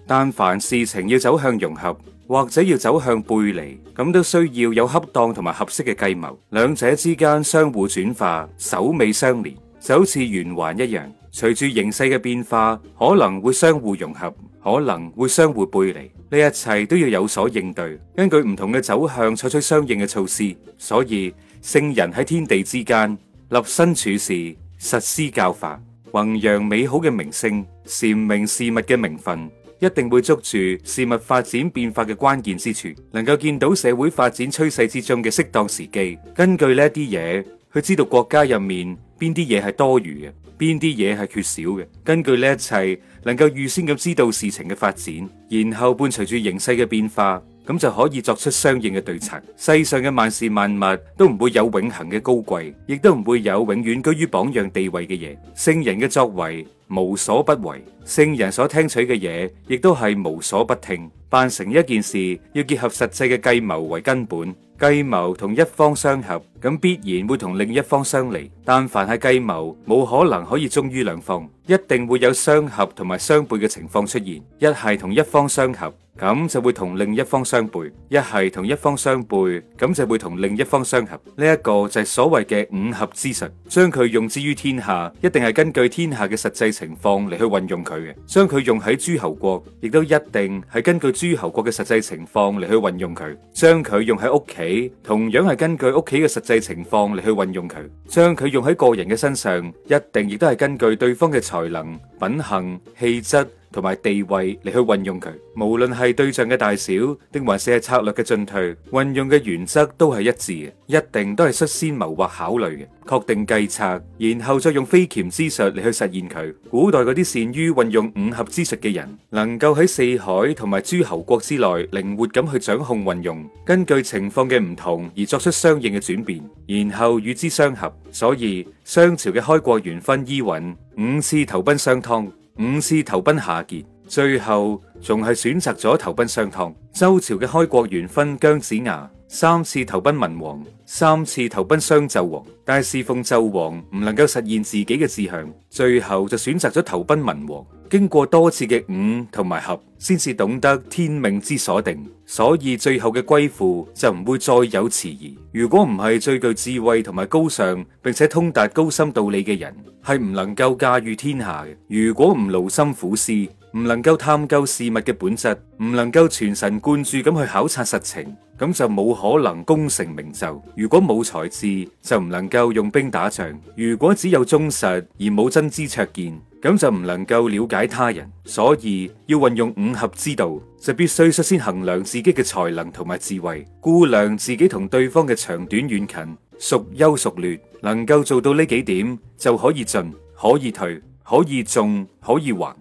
但凡事情要走向融合，或者要走向背離，咁都需要有恰當同埋合適嘅計謀，兩者之間相互轉化，首尾相連，就好似圓環一樣。隨住形勢嘅變化，可能會相互融合，可能會相互背離，呢一切都要有所應對。根據唔同嘅走向，採取相應嘅措施。所以聖人喺天地之間立身處事，實施教法，弘揚美好嘅名聲，闡明事物嘅名分，一定會捉住事物發展變化嘅關鍵之處，能夠見到社會發展趨勢之中嘅適當時機。根據呢一啲嘢，佢知道國家入面邊啲嘢係多餘嘅。邊啲嘢係缺少嘅？根據呢一切，能夠預先咁知道事情嘅發展，然後伴隨住形勢嘅變化。咁就可以作出相應嘅對策。世上嘅萬事萬物都唔會有永恒嘅高貴，亦都唔會有永遠居於榜樣地位嘅嘢。聖人嘅作為無所不為，聖人所聽取嘅嘢亦都係無所不聽。辦成一件事要結合實際嘅計謀為根本，計謀同一方相合，咁必然會同另一方相離。但凡係計謀，冇可能可以忠於兩方，一定會有相合同埋相悖嘅情況出現。一係同一方相合。咁就會同另一方相背，一係同一方相背，咁就會同另一方相合。呢、這、一個就係所謂嘅五合之術，將佢用之於天下，一定係根據天下嘅實際情況嚟去運用佢嘅；將佢用喺諸侯國，亦都一定係根據諸侯國嘅實際情況嚟去運用佢；將佢用喺屋企，同樣係根據屋企嘅實際情況嚟去運用佢；將佢用喺個人嘅身上，一定亦都係根據對方嘅才能、品行、氣質，同埋地位嚟去運用佢，無論係對象嘅大小，定還是係策略嘅進退，運用嘅原則都係一致嘅，一定都係率先謀劃考慮嘅，確定計策，然後再用飛鉗之術嚟去實現佢。古代嗰啲善於運用五合之術嘅人，能夠喺四海同埋諸侯國之內靈活咁去掌控運用，根據情況嘅唔同而作出相應嘅轉變，然後與之相合。所以商朝嘅開國元勳伊尹五次投奔商湯。五次投奔夏桀，最後仲係選擇咗投奔商湯。周朝嘅開國元勳姜子牙。三次投奔文王，三次投奔商紂王，但係侍奉紂王唔能夠實現自己嘅志向，最後就選擇咗投奔文王。經過多次嘅五同埋合，先至懂得天命之所定，所以最後嘅歸附就唔會再有遲疑。如果唔係最具智慧同埋高尚，並且通達高深道理嘅人，係唔能夠駕馭天下嘅。如果唔勞心苦思。唔能夠探究事物嘅本質，唔能夠全神貫注咁去考察實情，咁就冇可能功成名就。如果冇才智，就唔能夠用兵打仗；如果只有忠實而冇真知灼見，咁就唔能夠了解他人。所以要運用五合之道，就必須率先衡量自己嘅才能同埋智慧，估量自己同對方嘅長短遠近，孰優孰劣。能夠做到呢幾點，就可以進，可以退，可以縱，可以橫。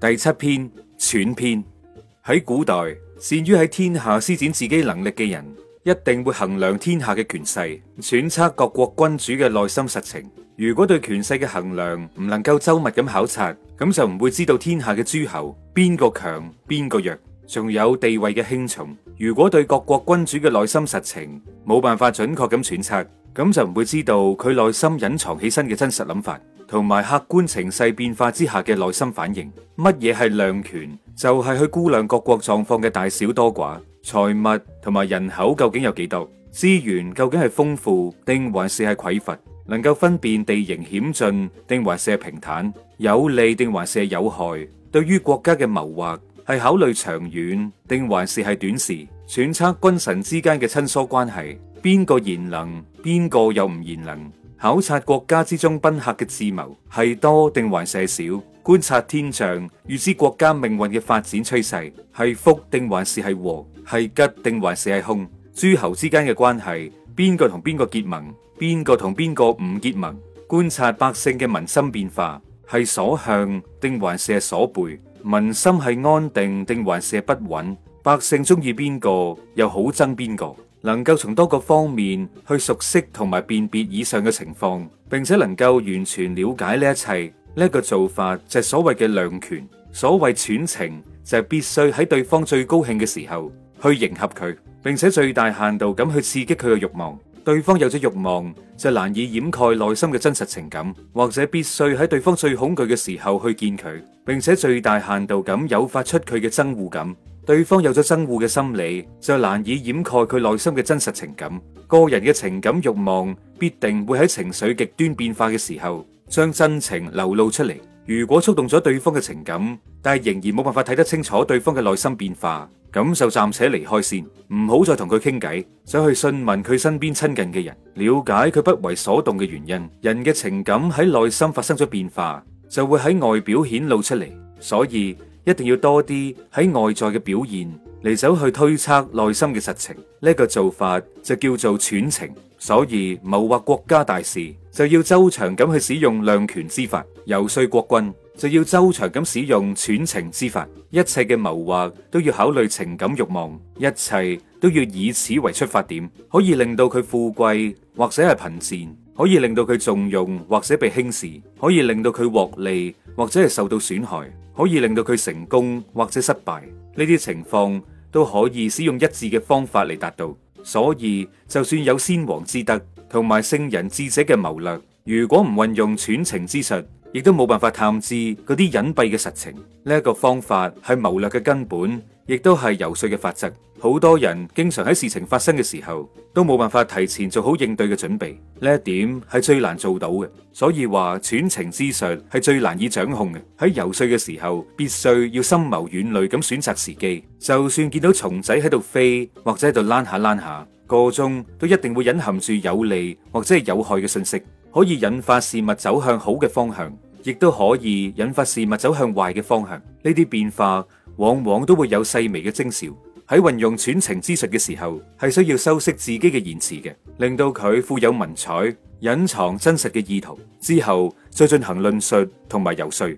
第七篇，揣篇。喺古代，善於喺天下施展自己能力嘅人，一定會衡量天下嘅權勢，揣測各國君主嘅內心實情。如果對權勢嘅衡量唔能夠周密咁考察，咁就唔會知道天下嘅諸侯邊個強邊個弱，仲有地位嘅輕重。如果對各國君主嘅內心實情冇辦法準確咁揣測，咁就唔會知道佢內心隱藏起身嘅真實諗法。同埋客觀情勢變化之下嘅內心反應，乜嘢係量權？就係、是、去估量各國狀況嘅大小多寡、財物同埋人口究竟有幾多、資源究竟係豐富定還是係匱乏，能夠分辨地形險峻定還是係平坦、有利定還是有害，對於國家嘅謀劃係考慮長遠定還是係短視，揣測君臣之間嘅親疏關係，邊個賢能，邊個又唔賢能。考察國家之中賓客嘅智謀，係多定還是少？觀察天象，預知國家命運嘅發展趨勢，係福定還是係禍？係吉定還是係凶？諸侯之間嘅關係，邊個同邊個結盟，邊個同邊個唔結盟？觀察百姓嘅民心變化，係所向定還是係所背？民心係安定定還是不穩？百姓中意邊個，又好憎邊個？能夠從多個方面去熟悉同埋辨別以上嘅情況，並且能夠完全了解呢一切，呢、這、一個做法就係所謂嘅量權。所謂揣情就係、是、必須喺對方最高興嘅時候去迎合佢，並且最大限度咁去刺激佢嘅欲望。對方有咗欲望就難以掩蓋內心嘅真實情感，或者必須喺對方最恐懼嘅時候去見佢，並且最大限度咁誘發出佢嘅憎惡感。對方有咗憎惡嘅心理，就難以掩蓋佢內心嘅真實情感。個人嘅情感欲望必定會喺情緒極端變化嘅時候，將真情流露出嚟。如果觸動咗對方嘅情感，但係仍然冇辦法睇得清楚對方嘅內心變化，咁就暫且離開先，唔好再同佢傾偈，想去詢問佢身邊親近嘅人，了解佢不為所動嘅原因。人嘅情感喺內心發生咗變化，就會喺外表顯露出嚟，所以。一定要多啲喺外在嘅表現嚟走去推測內心嘅實情，呢個做法就叫做揣情。所以謀劃國家大事就要周詳咁去使用量權之法，游說國君就要周詳咁使用揣情之法。一切嘅謀劃都要考慮情感欲望，一切都要以此為出發點，可以令到佢富貴或者係貧賤，可以令到佢重用或者被輕視，可以令到佢獲利或者係受到損害。可以令到佢成功或者失敗，呢啲情況都可以使用一致嘅方法嚟達到。所以，就算有先王之德同埋聖人智者嘅謀略，如果唔運用揣情之術，亦都冇辦法探知嗰啲隱蔽嘅實情。呢一個方法係謀略嘅根本。亦都係遊說嘅法則，好多人經常喺事情發生嘅時候都冇辦法提前做好應對嘅準備，呢一點係最難做到嘅。所以話揣情之術係最難以掌控嘅。喺遊說嘅時候，必須要深謀遠慮咁選擇時機。就算見到蟲仔喺度飛或者喺度躝下躝下，個中都一定會隱含住有利或者係有害嘅信息，可以引發事物走向好嘅方向，亦都可以引發事物走向壞嘅方向。呢啲變化，往往都會有細微嘅徵兆，喺運用揣情之術嘅時候，係需要修飾自己嘅言辭嘅，令到佢富有文采，隱藏真實嘅意圖之後，再進行論述同埋游說。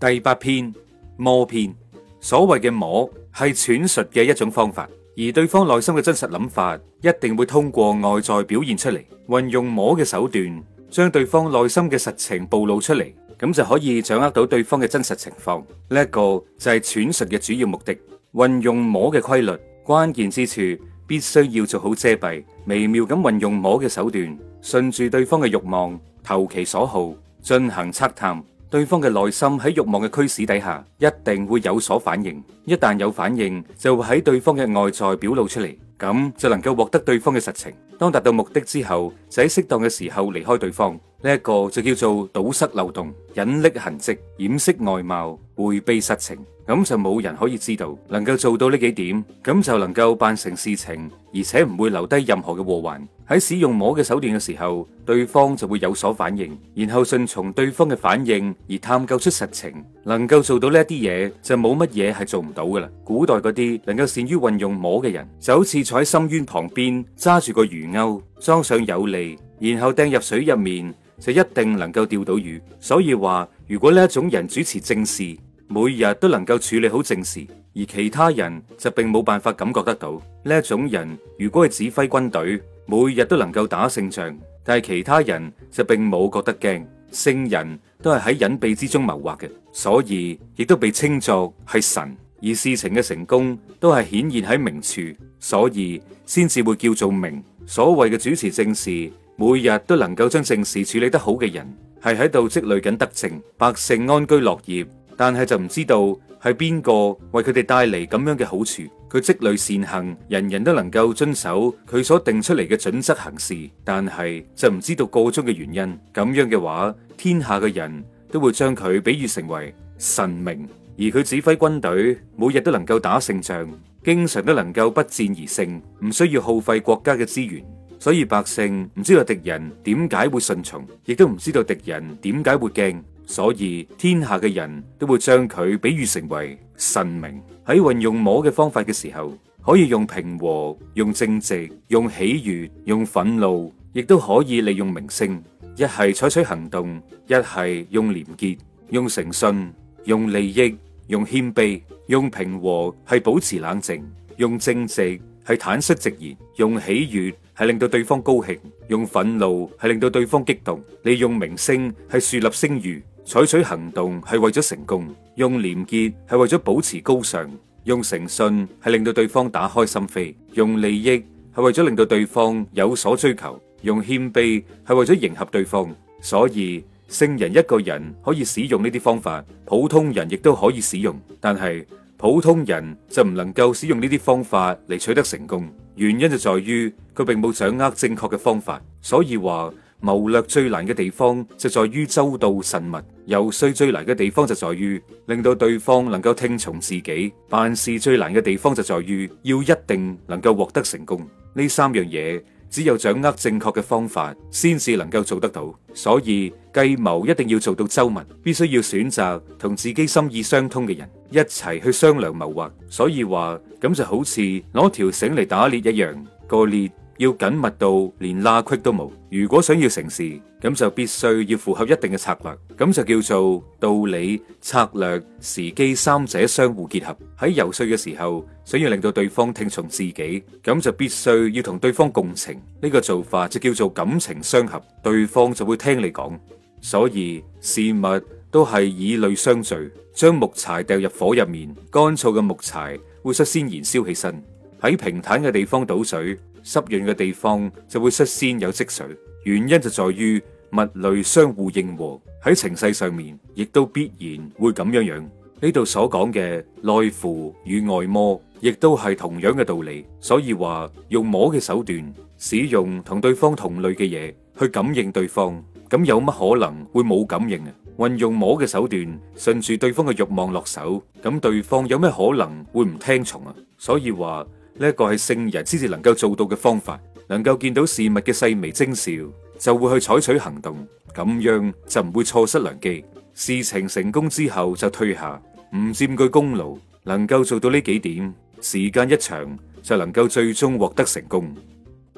第八篇摩篇，所謂嘅摩係揣術嘅一種方法，而對方內心嘅真實諗法，一定會通過外在表現出嚟，運用摩嘅手段，將對方內心嘅實情暴露出嚟。咁就可以掌握到對方嘅真實情況，呢一個就係揣測嘅主要目的。運用摸嘅規律，關鍵之處必須要做好遮蔽，微妙咁運用摸嘅手段，順住對方嘅慾望，投其所好，進行測探。對方嘅內心喺慾望嘅驅使底下，一定會有所反應。一旦有反應，就會喺對方嘅外在表露出嚟，咁就能夠獲得對方嘅實情。當達到目的之後，就喺適當嘅時候離開對方。呢一個就叫做堵塞漏洞、隱匿痕跡、掩飾外貌。回避實情，咁就冇人可以知道。能夠做到呢幾點，咁就能夠辦成事情，而且唔會留低任何嘅禍患。喺使用摸嘅手段嘅時候，對方就會有所反應，然後順從對方嘅反應而探究出實情。能夠做到呢一啲嘢，就冇乜嘢係做唔到噶啦。古代嗰啲能夠善於運用摸嘅人，就好似坐喺深淵旁邊，揸住個魚鈎，裝上有利，然後掟入水入面，就一定能夠釣到魚。所以話，如果呢一種人主持正事，每日都能夠處理好正事，而其他人就並冇辦法感覺得到。呢一種人，如果係指揮軍隊，每日都能夠打勝仗，但係其他人就並冇覺得驚。聖人都係喺隱蔽之中謀劃嘅，所以亦都被稱作係神。而事情嘅成功都係顯現喺明處，所以先至會叫做明。所謂嘅主持正事，每日都能夠將正事處理得好嘅人，係喺度積累緊德政，百姓安居樂業。但係就唔知道係邊個為佢哋帶嚟咁樣嘅好處，佢積累善行，人人都能夠遵守佢所定出嚟嘅準則行事。但係就唔知道個中嘅原因。咁樣嘅話，天下嘅人都會將佢比喻成為神明，而佢指揮軍隊，每日都能夠打勝仗，經常都能夠不戰而勝，唔需要耗費國家嘅資源。所以百姓唔知道敵人點解會順從，亦都唔知道敵人點解會驚。所以天下嘅人都會將佢比喻成為神明。喺運用摩嘅方法嘅時候，可以用平和，用正直，用喜悅，用憤怒，亦都可以利用名聲。一係採取行動，一係用廉潔，用誠信，用利益，用謙卑，用平和係保持冷靜，用正直係坦率直言，用喜悅係令到對方高興，用憤怒係令到對方激動，利用名聲係樹立聲譽。採取行動係為咗成功，用廉潔係為咗保持高尚，用誠信係令到對方打開心扉，用利益係為咗令到對方有所追求，用謙卑係為咗迎合對方。所以聖人一個人可以使用呢啲方法，普通人亦都可以使用，但係普通人就唔能夠使用呢啲方法嚟取得成功。原因就在於佢並冇掌握正確嘅方法，所以話。謀略最難嘅地方就在於周到慎密。遊說最難嘅地方就在於令到對方能夠聽從自己，辦事最難嘅地方就在於要一定能夠獲得成功。呢三樣嘢只有掌握正確嘅方法，先至能夠做得到。所以計謀一定要做到周密，必須要選擇同自己心意相通嘅人一齊去商量謀劃。所以話咁就好似攞條繩嚟打獵一樣，個獵。要緊密到連罅隙都冇。如果想要成事，咁就必須要符合一定嘅策略，咁就叫做道理、策略、時機三者相互結合。喺遊說嘅時候，想要令到對方聽從自己，咁就必須要同對方共情。呢、這個做法就叫做感情相合，對方就會聽你講。所以事物都係以類相聚，將木柴掉入火入面，乾燥嘅木柴會率先燃燒起身。喺平坦嘅地方倒水。濕潤嘅地方就會率先有積水，原因就在於物類相互應和，喺情勢上面亦都必然會咁樣樣。呢度所講嘅內附與外摩，亦都係同樣嘅道理。所以話用摸嘅手段，使用同對方同類嘅嘢去感應對方，咁有乜可能會冇感應啊？運用摸嘅手段順住對方嘅欲望落手，咁對方有咩可能會唔聽從啊？所以話。呢個係聖人先至能夠做到嘅方法，能夠見到事物嘅細微徵兆，就會去採取行動，咁樣就唔會錯失良機。事情成功之後就退下，唔佔據功勞。能夠做到呢幾點，時間一長就能夠最終獲得成功。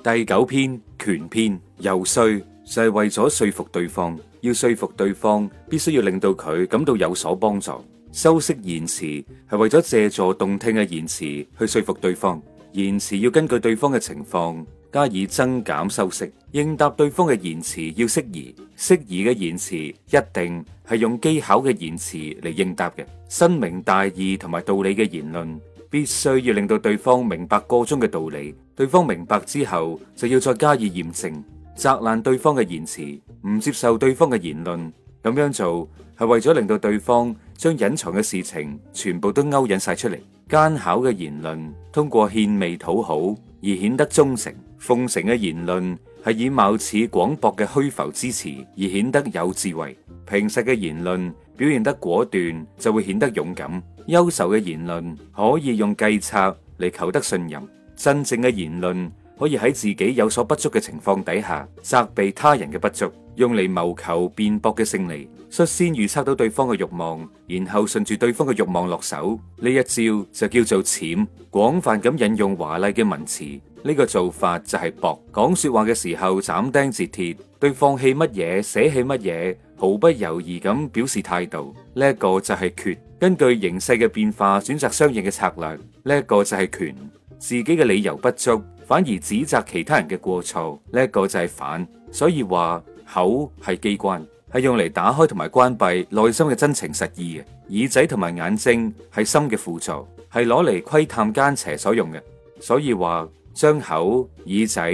第九篇，權篇，遊說，就係、是、為咗說服對方，要說服對方，必須要令到佢感到有所幫助。修飾言辭係為咗借助動聽嘅言辭去說服對方，言辭要根據對方嘅情況加以增減修飾。應答對方嘅言辭要適宜，適宜嘅言辭一定係用技巧嘅言辭嚟應答嘅。申明大義同埋道理嘅言論，必須要令到對方明白個中嘅道理。對方明白之後，就要再加以驗證，責難對方嘅言辭，唔接受對方嘅言論。咁樣做係為咗令到對方。將隱藏嘅事情全部都勾引晒出嚟，奸巧嘅言論通過獻媚討好而顯得忠誠；奉承嘅言論係以貌似廣博嘅虛浮之詞而顯得有智慧；平實嘅言論表現得果斷就會顯得勇敢；優秀嘅言論可以用計策嚟求得信任；真正嘅言論可以喺自己有所不足嘅情況底下責備他人嘅不足，用嚟謀求辯駁嘅勝利。率先預測到對方嘅慾望，然後順住對方嘅慾望落手，呢一招就叫做諂；廣泛咁引用華麗嘅文辭，呢、這個做法就係博。講說話嘅時候斬釘截鐵，對放棄乜嘢、捨棄乜嘢毫不猶豫咁表示態度，呢、這、一個就係決。根據形勢嘅變化選擇相應嘅策略，呢、這、一個就係權。自己嘅理由不足，反而指責其他人嘅過錯，呢、這、一個就係反。所以話口係機關。係用嚟打開同埋關閉內心嘅真情實意嘅，耳仔同埋眼睛係心嘅輔助，係攞嚟窺探奸邪所用嘅。所以話，將口、耳仔、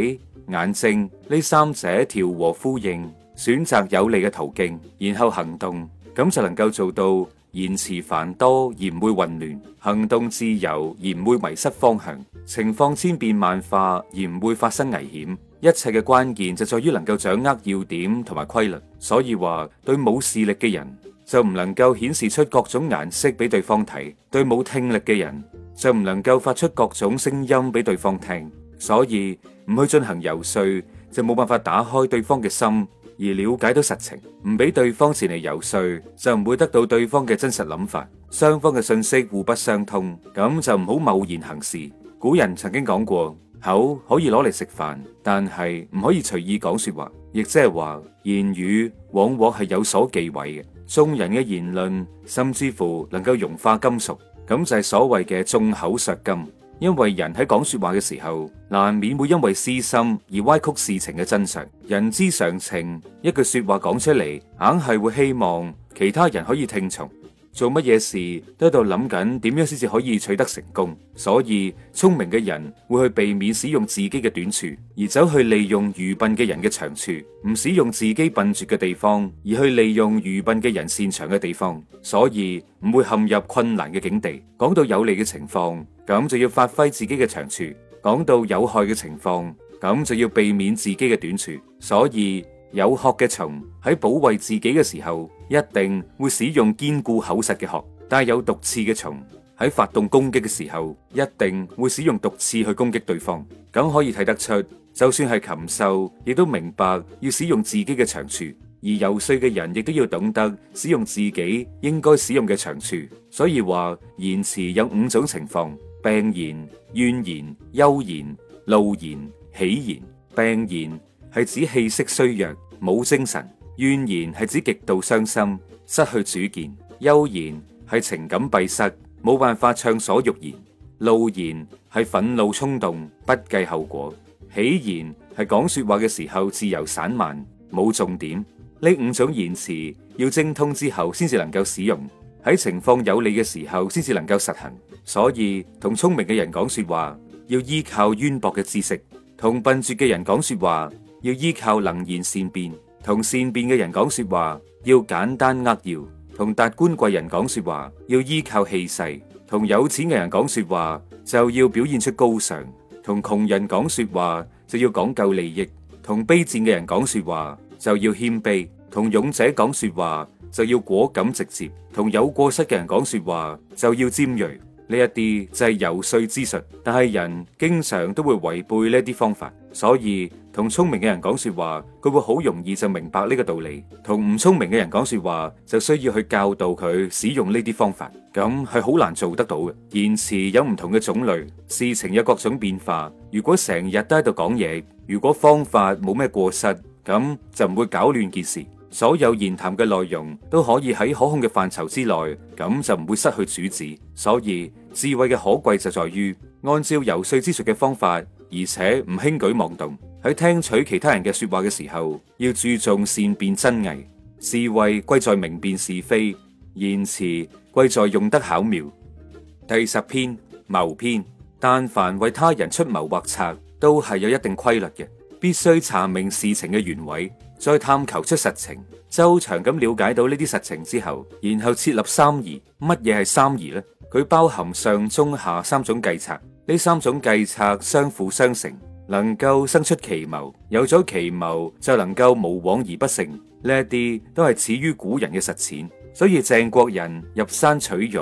眼睛呢三者調和呼應，選擇有利嘅途徑，然後行動，咁就能夠做到。言辭繁多而唔會混亂，行動自由而唔會迷失方向，情況千變萬化而唔會發生危險。一切嘅關鍵就在於能夠掌握要點同埋規律。所以話，對冇視力嘅人，就唔能夠顯示出各種顏色俾對方睇，對冇聽力嘅人，就唔能夠發出各種聲音俾對方聽。所以，唔去進行游說，就冇辦法打開對方嘅心。而了解到實情，唔俾對方前嚟遊說，就唔會得到對方嘅真實諗法。雙方嘅信息互不相通，咁就唔好貿然行事。古人曾經講過，口可以攞嚟食飯，但係唔可以隨意講說話，亦即係話言語往往係有所忌諱嘅。眾人嘅言論甚至乎能夠融化金屬，咁就係所謂嘅眾口鑠金。因為人喺講說話嘅時候，難免會因為私心而歪曲事情嘅真相。人之常情，一句說話講出嚟，硬係會希望其他人可以聽從。做乜嘢事都喺度諗緊點樣先至可以取得成功，所以聰明嘅人會去避免使用自己嘅短處，而走去利用愚笨嘅人嘅長處；唔使用自己笨拙嘅地方，而去利用愚笨嘅人擅長嘅地方，所以唔會陷入困難嘅境地。講到有利嘅情況，咁就要發揮自己嘅長處；講到有害嘅情況，咁就要避免自己嘅短處。所以有殼嘅蟲喺保衛自己嘅時候，一定會使用堅固厚實嘅殼，但有毒刺嘅蟲喺發動攻擊嘅時候，一定會使用毒刺去攻擊對方。咁可以睇得出，就算係禽獸，亦都明白要使用自己嘅長處；而游說嘅人，亦都要懂得使用自己應該使用嘅長處。所以話言辭有五種情況：病言、怨言、憂言、怒言、喜言。病言係指氣息衰弱、冇精神。怨言係指極度傷心，失去主見；憂言係情感閉塞，冇辦法暢所欲言；怒言係憤怒衝動，不計後果；喜言係講說話嘅時候自由散漫，冇重點。呢五種言辭要精通之後，先至能夠使用，喺情況有利嘅時候，先至能夠實行。所以同聰明嘅人講說話要依靠淵博嘅知識，同笨拙嘅人講說話要依靠能言善辯。同善變嘅人講說話要簡單扼要，同達官貴人講說話要依靠氣勢，同有錢嘅人講說話就要表現出高尚，同窮人講說話就要講究利益，同卑賤嘅人講說話就要謙卑，同勇者講說話就要果敢直接，同有過失嘅人講說話就要尖銳。呢一啲就係遊說之術，但係人經常都會違背呢啲方法，所以。同聰明嘅人講說話，佢會好容易就明白呢個道理；同唔聰明嘅人講說話，就需要去教導佢使用呢啲方法，咁係好難做得到嘅。言辭有唔同嘅種類，事情有各種變化。如果成日都喺度講嘢，如果方法冇咩過失，咁就唔會搞亂件事。所有言談嘅內容都可以喺可控嘅範疇之內，咁就唔會失去主旨。所以智慧嘅可貴就在於按照游說之術嘅方法。而且唔輕舉妄動，喺聽取其他人嘅說話嘅時候，要注重善辨真偽，智慧貴在明辨是非，言辭貴在用得巧妙。第十篇謀篇，但凡為他人出謀劃策，都係有一定規律嘅，必須查明事情嘅原委，再探求出實情，周詳咁了解到呢啲實情之後，然後設立三疑。乜嘢係三疑呢？佢包含上、中、下三種計策。呢三種計策相輔相成，能夠生出奇謀，有咗奇謀就能夠無往而不勝。呢一啲都係始於古人嘅實踐，所以鄭國人入山取玉，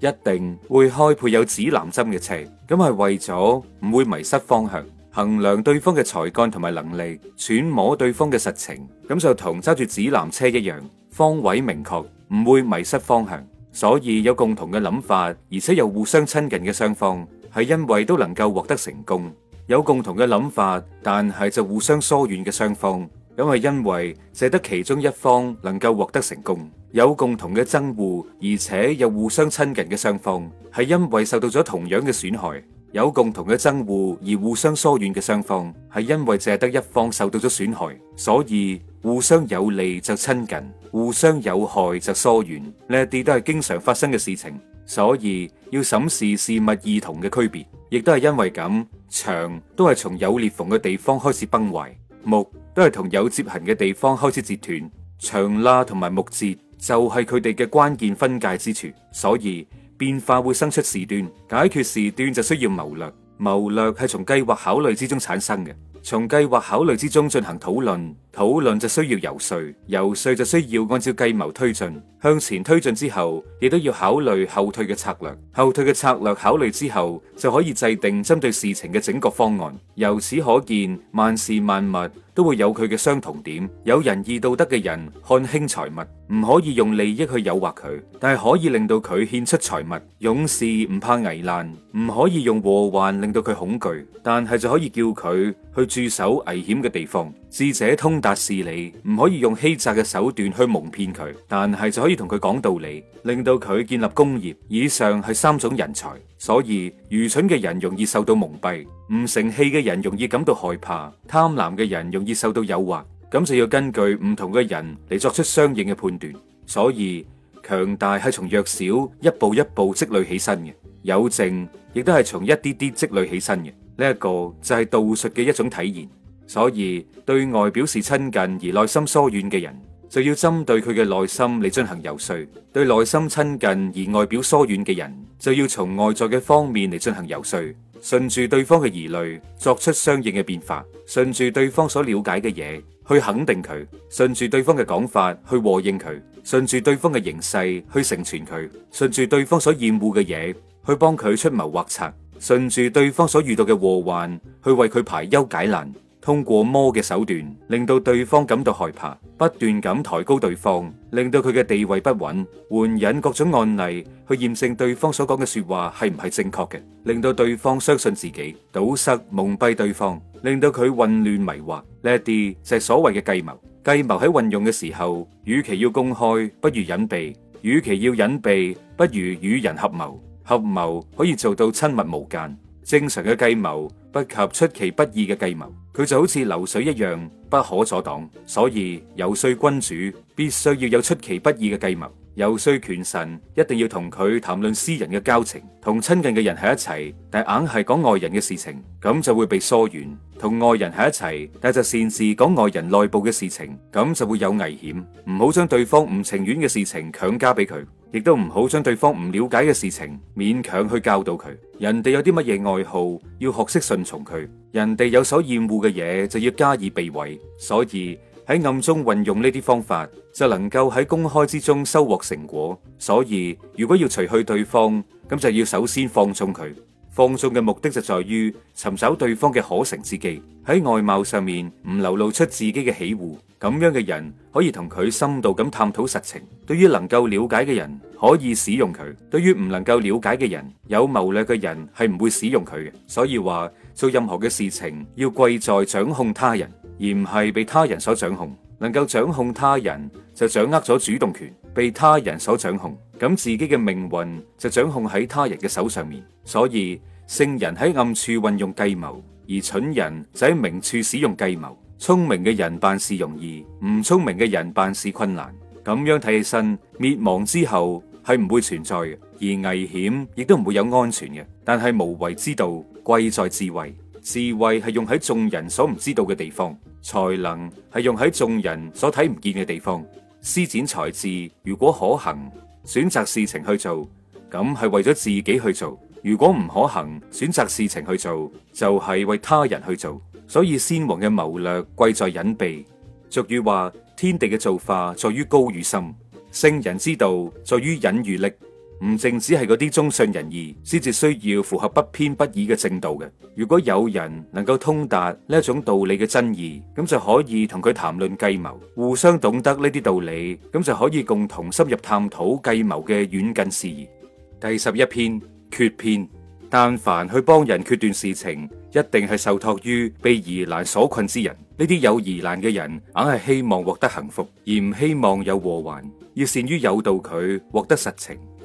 一定會開配有指南針嘅車，咁係為咗唔會迷失方向。衡量對方嘅才幹同埋能力，揣摩對方嘅實情，咁就同揸住指南車一樣，方位明確，唔會迷失方向。所以有共同嘅諗法，而且又互相親近嘅雙方，係因為都能夠獲得成功，有共同嘅諗法，但係就互相疏遠嘅雙方；因為因為借得其中一方能夠獲得成功，有共同嘅憎惡，而且又互相親近嘅雙方，係因為受到咗同樣嘅損害；有共同嘅憎惡而互相疏遠嘅雙方，係因為借得一方受到咗損害，所以互相有利就親近，互相有害就疏遠。呢一啲都係經常發生嘅事情。所以要審視事物異同嘅區別，亦都係因為咁，牆都係從有裂縫嘅地方開始崩壞，木都係從有接痕嘅地方開始折斷，牆罅同埋木節就係佢哋嘅關鍵分界之處。所以變化會生出事端，解決事端就需要謀略，謀略係從計劃考慮之中產生嘅。從計劃考慮之中進行討論，討論就需要遊說，遊說就需要按照計謀推進，向前推進之後，亦都要考慮後退嘅策略。後退嘅策略考慮之後，就可以制定針對事情嘅整個方案。由此可見，萬事萬物都會有佢嘅相同點。有仁義道德嘅人看輕財物，唔可以用利益去誘惑佢，但係可以令到佢獻出財物。勇士唔怕危難，唔可以用禍患令到佢恐懼，但係就可以叫佢去駐守危險嘅地方，智者通達事理，唔可以用欺詐嘅手段去蒙騙佢，但係就可以同佢講道理，令到佢建立工業。以上係三種人才，所以愚蠢嘅人容易受到蒙蔽，唔成器嘅人容易感到害怕，貪婪嘅人容易受到誘惑。咁就要根據唔同嘅人嚟作出相應嘅判斷。所以強大係從弱小一步一步積累起身嘅，有剩亦都係從一啲啲積累起身嘅。呢一個就係道術嘅一種體現，所以對外表示親近而內心疏遠嘅人，就要針對佢嘅內心嚟進行游說；對內心親近而外表疏遠嘅人，就要從外在嘅方面嚟進行游說。順住對方嘅疑慮，作出相應嘅變化；順住對方所了解嘅嘢，去肯定佢；順住對方嘅講法去和應佢；順住對方嘅形勢去成全佢；順住對方所厭惡嘅嘢，去幫佢出謀劃策。順住對方所遇到嘅禍患，去為佢排憂解難，通過魔嘅手段，令到對方感到害怕，不斷咁抬高對方，令到佢嘅地位不穩，換引各種案例，去驗證對方所講嘅說話係唔係正確嘅，令到對方相信自己，堵塞、蒙蔽對方，令到佢混亂迷惑，呢一啲就係所謂嘅計謀。計謀喺運用嘅時候，與其要公開，不如隱蔽，與其要隱蔽，不如與人合謀。合謀可以做到親密無間，正常嘅計謀不及出其不意嘅計謀，佢就好似流水一樣不可阻擋。所以游說君主必須要有出其不意嘅計謀，游說權臣一定要同佢談論私人嘅交情，同親近嘅人喺一齊，但硬係講外人嘅事情，咁就會被疏遠；同外人喺一齊，但就擅自講外人內部嘅事情，咁就會有危險。唔好將對方唔情願嘅事情強加俾佢。亦都唔好將對方唔了解嘅事情勉強去教導佢，人哋有啲乜嘢愛好要學識順從佢，人哋有所厭惡嘅嘢就要加以避諱，所以喺暗中運用呢啲方法就能夠喺公開之中收穫成果。所以如果要除去對方，咁就要首先放鬆佢。放縱嘅目的就在於尋找對方嘅可乘之機，喺外貌上面唔流露出自己嘅喜惡，咁樣嘅人可以同佢深度咁探討實情。對於能夠了解嘅人，可以使用佢；對於唔能夠了解嘅人，有謀略嘅人係唔會使用佢嘅。所以話做任何嘅事情，要貴在掌控他人，而唔係被他人所掌控。能夠掌控他人，就掌握咗主動權。被他人所掌控，咁自己嘅命運就掌控喺他人嘅手上面。所以聖人喺暗處運用計謀，而蠢人就喺明處使用計謀。聰明嘅人辦事容易，唔聰明嘅人辦事困難。咁樣睇起身，滅亡之後係唔會存在嘅，而危險亦都唔會有安全嘅。但係無為之道貴在智慧，智慧係用喺眾人所唔知道嘅地方，才能係用喺眾人所睇唔見嘅地方。施展才智，如果可行，選擇事情去做，咁係為咗自己去做；如果唔可行，選擇事情去做，就係、是、為他人去做。所以先王嘅謀略貴在隱秘，俗語話天地嘅造化在於高與深，聖人之道在於隱喻力。唔淨只係嗰啲忠信仁義，先至需要符合不偏不倚嘅正道嘅。如果有人能夠通達呢一種道理嘅真義，咁就可以同佢談論計謀，互相懂得呢啲道理，咁就可以共同深入探討計謀嘅遠近事宜。第十一篇決篇，但凡去幫人決斷事情，一定係受託於被疑難所困之人。呢啲有疑難嘅人，硬係希望獲得幸福，而唔希望有禍患，要善於誘導佢獲得實情。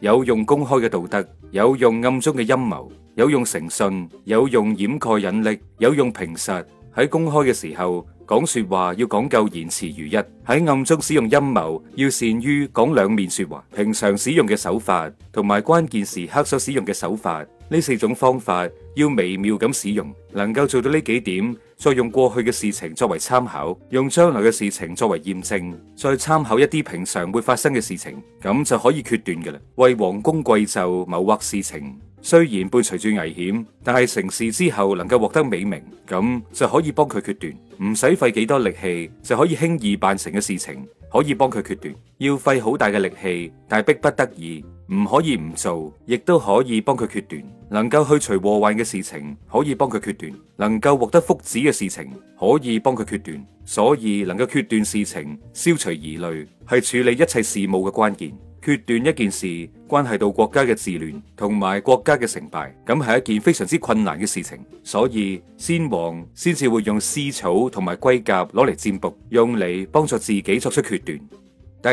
有用公開嘅道德，有用暗中嘅陰謀，有用誠信，有用掩蓋隱匿，有用平實。喺公開嘅時候講說話要講究言辭如一，喺暗中使用陰謀要善於講兩面說話。平常使用嘅手法同埋關鍵時刻所使用嘅手法。呢四種方法要微妙咁使用，能夠做到呢幾點，再用過去嘅事情作為參考，用將來嘅事情作為驗證，再參考一啲平常會發生嘅事情，咁就可以決斷㗎喇。為王公貴胄謀劃事情，雖然伴隨住危險，但係成事之後能夠獲得美名，咁就可以幫佢決斷，唔使費幾多力氣就可以輕易辦成嘅事情，可以幫佢決斷，要費好大嘅力氣，但係迫不得已，唔可以唔做，亦都可以幫佢決斷。能夠去除禍患嘅事情，可以幫佢決斷；能夠獲得福祉嘅事情，可以幫佢決斷。所以能夠決斷事情，消除疑慮，係處理一切事務嘅關鍵。決斷一件事關係到國家嘅治亂同埋國家嘅成敗，咁係一件非常之困難嘅事情。所以先王先至會用絲草同埋龜甲攞嚟占卜，用嚟幫助自己作出決斷。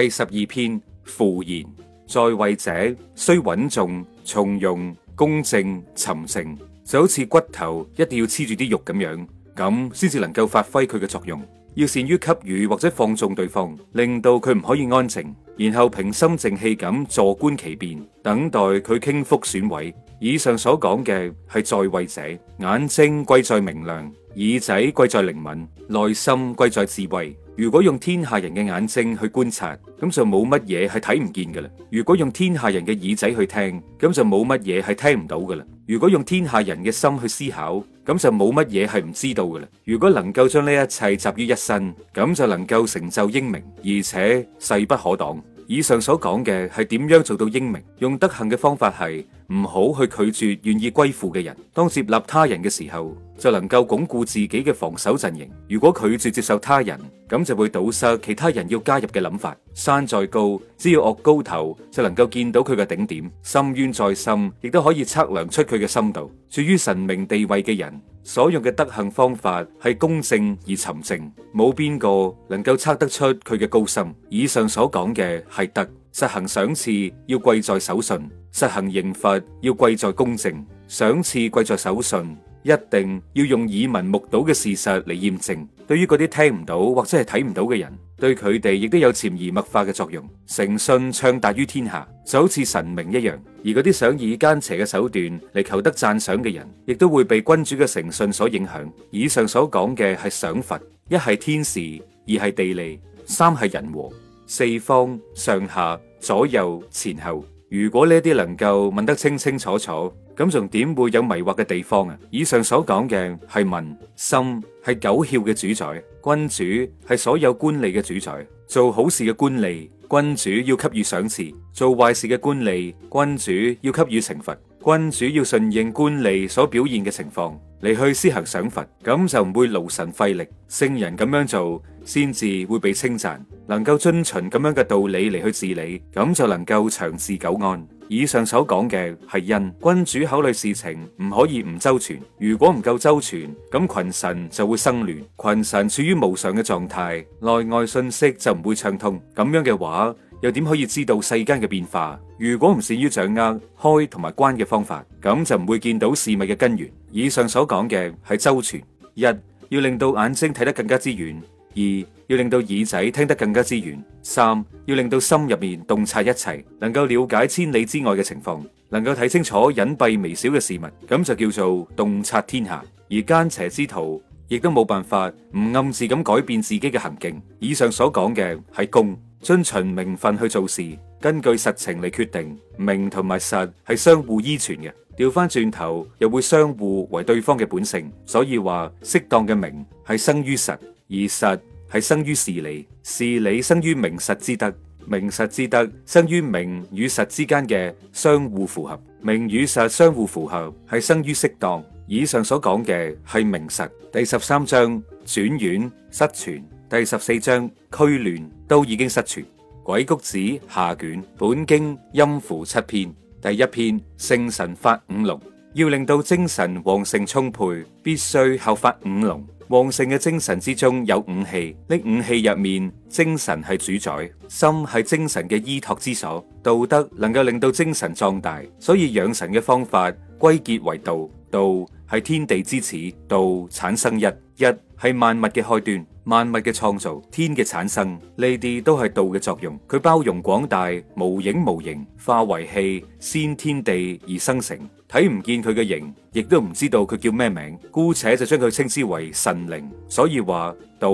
第十二篇符言：在位者需穩重、從容、公正、沉靜，就好似骨頭一定要黐住啲肉咁樣，咁先至能夠發揮佢嘅作用。要善於給予或者放縱對方，令到佢唔可以安靜，然後平心靜氣咁坐觀其變，等待佢傾覆損毀。以上所講嘅係在位者，眼睛貴在明亮。耳仔貴在靈敏，內心貴在智慧。如果用天下人嘅眼睛去觀察，咁就冇乜嘢係睇唔見噶啦。如果用天下人嘅耳仔去聽，咁就冇乜嘢係聽唔到噶啦。如果用天下人嘅心去思考，咁就冇乜嘢係唔知道噶啦。如果能夠將呢一切集於一身，咁就能夠成就英明，而且勢不可擋。以上所講嘅係點樣做到英明？用德行嘅方法係唔好去拒絕願意歸附嘅人。當接納他人嘅時候，就能夠鞏固自己嘅防守陣營。如果拒絕接受他人，咁就會堵塞其他人要加入嘅諗法。山再高，只要嶽高頭，就能夠見到佢嘅頂點。深淵再深，亦都可以測量出佢嘅深度。處於神明地位嘅人。所用嘅德行方法係公正而沉靜，冇邊個能夠測得出佢嘅高深。以上所講嘅係德，實行賞賜要貴在守信，實行刑罰要貴在公正，賞賜貴在守信，一定要用耳聞目睹嘅事實嚟驗證。對於嗰啲聽唔到或者係睇唔到嘅人，對佢哋亦都有潛移默化嘅作用。誠信暢達於天下，就好似神明一樣。而嗰啲想以奸邪嘅手段嚟求得讚賞嘅人，亦都會被君主嘅誠信所影響。以上所講嘅係賞罰，一係天時，二係地利，三係人和，四方上下左右前後。如果呢啲能夠問得清清楚楚，咁仲點會有迷惑嘅地方啊？以上所講嘅係問心。係九竅嘅主宰，君主係所有官吏嘅主宰。做好事嘅官吏，君主要給予賞賜；做壞事嘅官吏，君主要給予懲罰。君主要順應官吏所表現嘅情況嚟去施行賞罰，咁就唔會勞神費力。聖人咁樣做，先至會被稱讚。能夠遵循咁樣嘅道理嚟去治理，咁就能夠長治久安。以上所講嘅係因。君主考慮事情唔可以唔周全，如果唔夠周全，咁群臣就會生亂，群臣處於無常嘅狀態，內外信息就唔會暢通。咁樣嘅話，又點可以知道世間嘅變化？如果唔善於掌握開同埋關嘅方法，咁就唔會見到事物嘅根源。以上所講嘅係周全，一、要令到眼睛睇得更加之遠。二要令到耳仔聽得更加之遠，三要令到心入面洞察一切，能夠了解千里之外嘅情況，能夠睇清楚隱蔽微小嘅事物，咁就叫做洞察天下。而奸邪之徒亦都冇辦法唔暗自咁改變自己嘅行徑。以上所講嘅係公，遵循名分去做事，根據實情嚟決定，名同埋實係相互依存嘅，掉返轉頭又會相互為對方嘅本性。所以話適當嘅名係生於實。而實係生於事理，事理生於名實之德，名實之德生於名與實之間嘅相互符合，名與實相互符合係生於適當。以上所講嘅係名實。第十三章轉院失傳，第十四章區亂都已經失傳。鬼谷子下卷本經陰符七篇，第一篇盛神法五龍，要令到精神旺盛充沛，必須後發五龍。旺盛嘅精神之中有五氣，呢五氣入面精神係主宰，心係精神嘅依託之所，道德能夠令到精神壯大，所以養神嘅方法歸結為道，道係天地之始，道產生一，一係萬物嘅開端。萬物嘅創造，天嘅產生，呢啲都係道嘅作用。佢包容廣大，無影無形，化為氣，先天地而生成。睇唔見佢嘅形，亦都唔知道佢叫咩名，姑且就將佢稱之為神靈。所以話道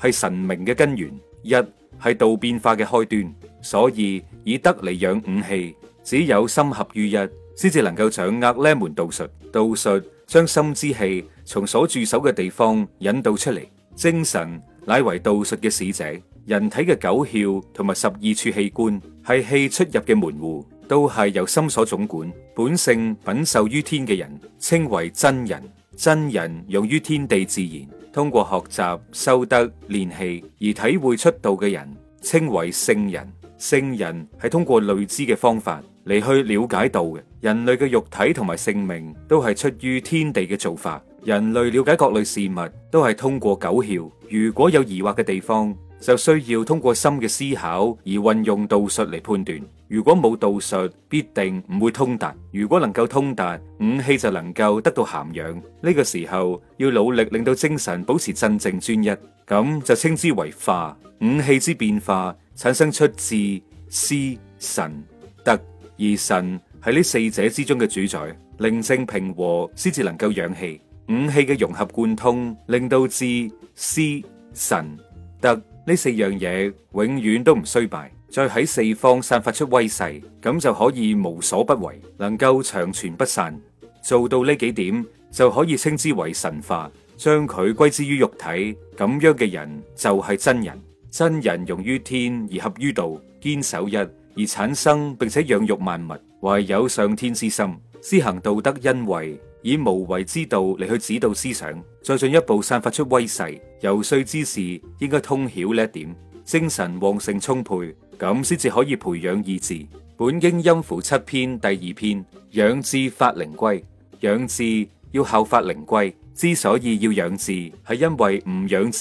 係神明嘅根源，一係道變化嘅開端。所以以德嚟養五氣，只有心合於一，先至能夠掌握呢門道術。道術將心之氣從所駐守嘅地方引導出嚟。精神乃為道術嘅使者，人體嘅九竅同埋十二處器官係氣出入嘅門戶，都係由心所總管。本性稟受於天嘅人，稱為真人。真人用於天地自然，通過學習、修德、練氣而體會出道嘅人，稱為聖人。聖人係通過類知嘅方法嚟去了解道嘅。人類嘅肉體同埋性命都係出於天地嘅做法。人類了解各類事物都係通過九竅。如果有疑惑嘅地方，就需要通過深嘅思考而運用道術嚟判斷。如果冇道術，必定唔會通達。如果能夠通達，五氣就能夠得到涵養。呢個時候要努力令到精神保持真正專一，咁就稱之為化。五氣之變化，產生出志、思、神、德，而神係呢四者之中嘅主宰。寧靜平和，先至能夠養氣。五氣嘅融合貫通，令到智、思、神、德呢四樣嘢永遠都唔衰敗，再喺四方散發出威勢，咁就可以無所不為，能夠長存不散。做到呢幾點就可以稱之為神化，將佢歸之於肉體。咁樣嘅人就係真人。真人融於天而合於道，堅守一而產生並且養育萬物，懷有上天之心，施行道德恩惠。以無為之道嚟去指導思想，再進一步散發出威勢。游說之事應該通曉呢一點，精神旺盛充沛，咁先至可以培養意志。本經音符七篇第二篇，養志法靈龜。養志要效法靈龜，之所以要養志，係因為唔養志，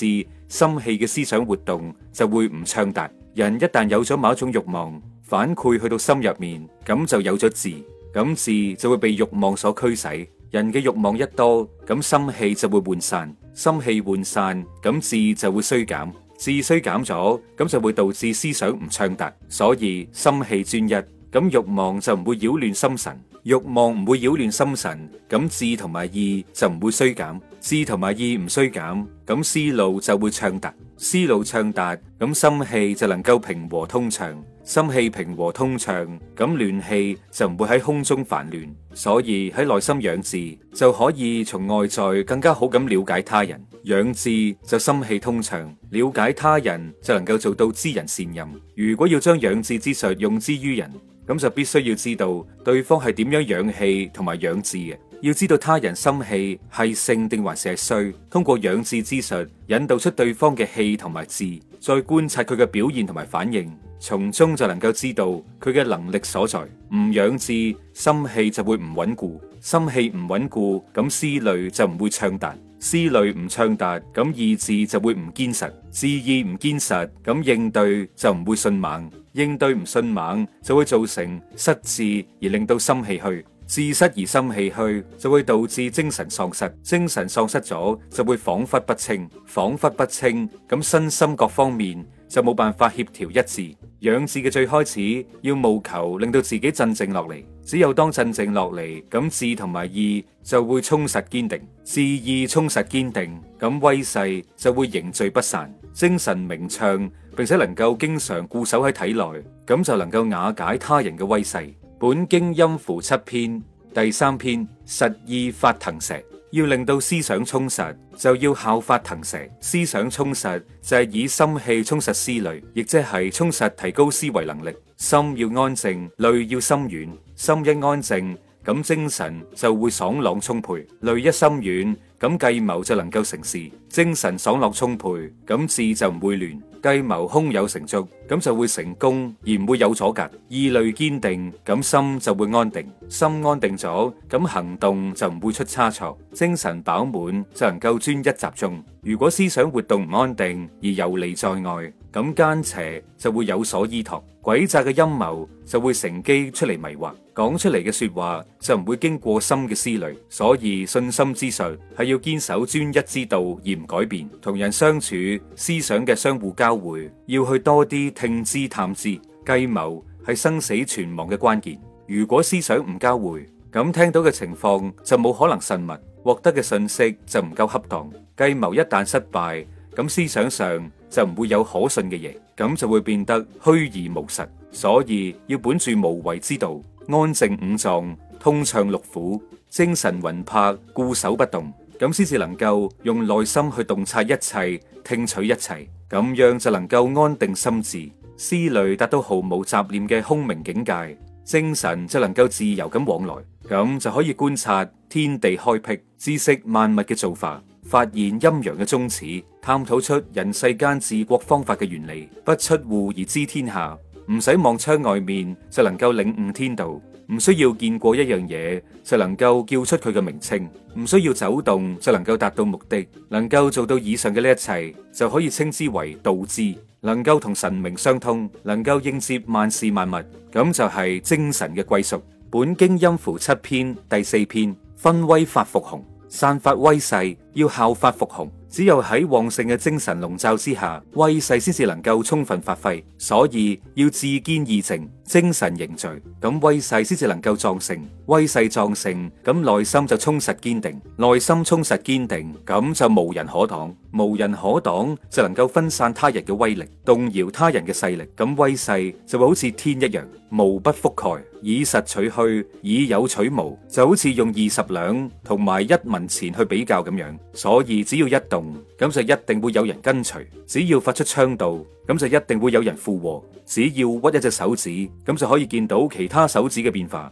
心氣嘅思想活動就會唔暢達。人一旦有咗某一種欲望，反饋去到心入面，咁就有咗志，咁志就會被欲望所驅使。人嘅欲望一多，咁心氣就會渙散，心氣渙散，咁志就會衰減，志衰減咗，咁就會導致思想唔暢達。所以心氣專一，咁欲望就唔會擾亂心神，欲望唔會擾亂心神，咁志同埋意就唔會衰減。志同埋意唔衰減，咁思路就會暢達，思路暢達，咁心氣就能夠平和通暢，心氣平和通暢，咁亂氣就唔會喺胸中煩亂，所以喺內心養志就可以從外在更加好咁了解他人，養志就心氣通暢，了解他人就能夠做到知人善任。如果要將養志之術用之於人，咁就必須要知道對方係點樣養氣同埋養志嘅。要知道他人心氣係盛定還是係衰，通過養志之術引導出對方嘅氣同埋志，再觀察佢嘅表現同埋反應，從中就能夠知道佢嘅能力所在。唔養志，心氣就會唔穩固；心氣唔穩固，咁思慮就唔會暢達；思慮唔暢達，咁意志就會唔堅實；志意唔堅實，咁應對就唔會迅猛；應對唔迅猛，就會造成失志，而令到心氣虛。自失而心氣虛，就會導致精神喪失。精神喪失咗，就會恍惚不清，恍惚不清咁，身心各方面就冇辦法協調一致。養志嘅最開始要務求令到自己鎮靜落嚟，只有當鎮靜落嚟，咁志同埋意就會充實堅定。志意充實堅定，咁威勢就會凝聚不散，精神明暢，並且能夠經常固守喺體內，咁就能夠瓦解他人嘅威勢。本經音符七篇第三篇實意法騰蛇，要令到思想充實，就要效法騰蛇。思想充實就係、是、以心氣充實思慮，亦即係充實提高思維能力。心要安靜，慮要深遠。心一安靜，咁精神就會爽朗充沛；慮一深遠，咁計謀就能夠成事。精神爽朗充沛，咁智就唔會亂。計謀空有成竹，咁就會成功而唔會有阻隔；意慮堅定，咁心就會安定。心安定咗，咁行動就唔會出差錯。精神飽滿就能夠專一集中。如果思想活動唔安定而游離在外，咁奸邪就會有所依托，詭詐嘅陰謀就會乘機出嚟迷惑。講出嚟嘅說話就唔會經過心嘅思慮，所以信心之術係要堅守專一之道而唔改變。同人相處，思想嘅相互交匯，要去多啲聽之探之。計謀係生死存亡嘅關鍵。如果思想唔交匯，咁聽到嘅情況就冇可能慎密，獲得嘅信息就唔夠恰當。計謀一旦失敗，咁思想上就唔會有可信嘅嘢，咁就會變得虛而無實。所以要本住無為之道。安靜五臟，通暢六腑，精神魂魄固守不動，咁先至能夠用內心去洞察一切，聽取一切，咁樣就能夠安定心智。思慮達到毫無雜念嘅空明境界，精神就能夠自由咁往來，咁就可以觀察天地開闢，知識萬物嘅做法，發現陰陽嘅宗旨，探討出人世間治國方法嘅原理，不出戶而知天下。唔使望窗外面就能夠領悟天道，唔需要見過一樣嘢就能夠叫出佢嘅名稱，唔需要走動就能夠達到目的，能夠做到以上嘅呢一切就可以稱之為道知，能夠同神明相通，能夠應接萬事萬物，咁就係精神嘅歸屬。本經陰符七篇第四篇，分威法伏熊，散發威勢要效法伏熊。只有喺旺盛嘅精神籠罩之下，威勢先至能夠充分發揮，所以要自堅意正。精神凝聚，咁威勢先至能夠壯盛，威勢壯盛，咁內心就充實堅定，內心充實堅定，咁就無人可擋，無人可擋就能夠分散他人嘅威力，動搖他人嘅勢力，咁威勢就會好似天一樣，無不覆蓋，以實取虛，以有取無，就好似用二十兩同埋一文錢去比較咁樣，所以只要一動，咁就一定會有人跟隨；只要發出倡導，咁就一定會有人附和；只要屈一隻手指。咁就可以見到其他手指嘅變化。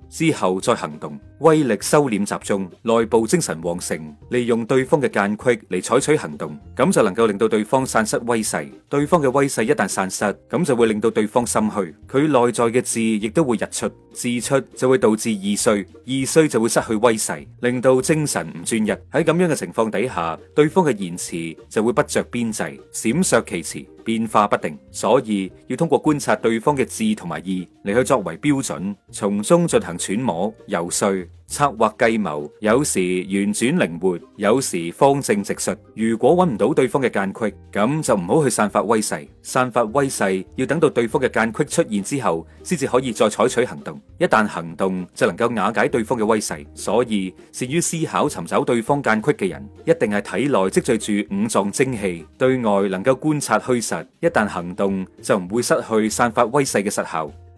之後再行動，威力收斂集中，內部精神旺盛，利用對方嘅間隙嚟採取行動，咁就能夠令到對方散失威勢。對方嘅威勢一旦散失，咁就會令到對方心虛，佢內在嘅志亦都會日出，志出就會導致意衰，意衰就會失去威勢，令到精神唔專一。喺咁樣嘅情況底下，對方嘅言辭就會不着邊際，閃爍其詞。變化不定，所以要通過觀察對方嘅字同埋意嚟去作為標準，從中進行揣摩游說。策劃計謀，有時圓轉靈活，有時方正直述。如果揾唔到對方嘅間隙，咁就唔好去散發威勢。散發威勢要等到對方嘅間隙出現之後，先至可以再採取行動。一旦行動就能夠瓦解對方嘅威勢。所以善於思考、尋找對方間隙嘅人，一定係體內積聚住五臟精氣，對外能夠觀察虛實。一旦行動就唔會失去散發威勢嘅實效。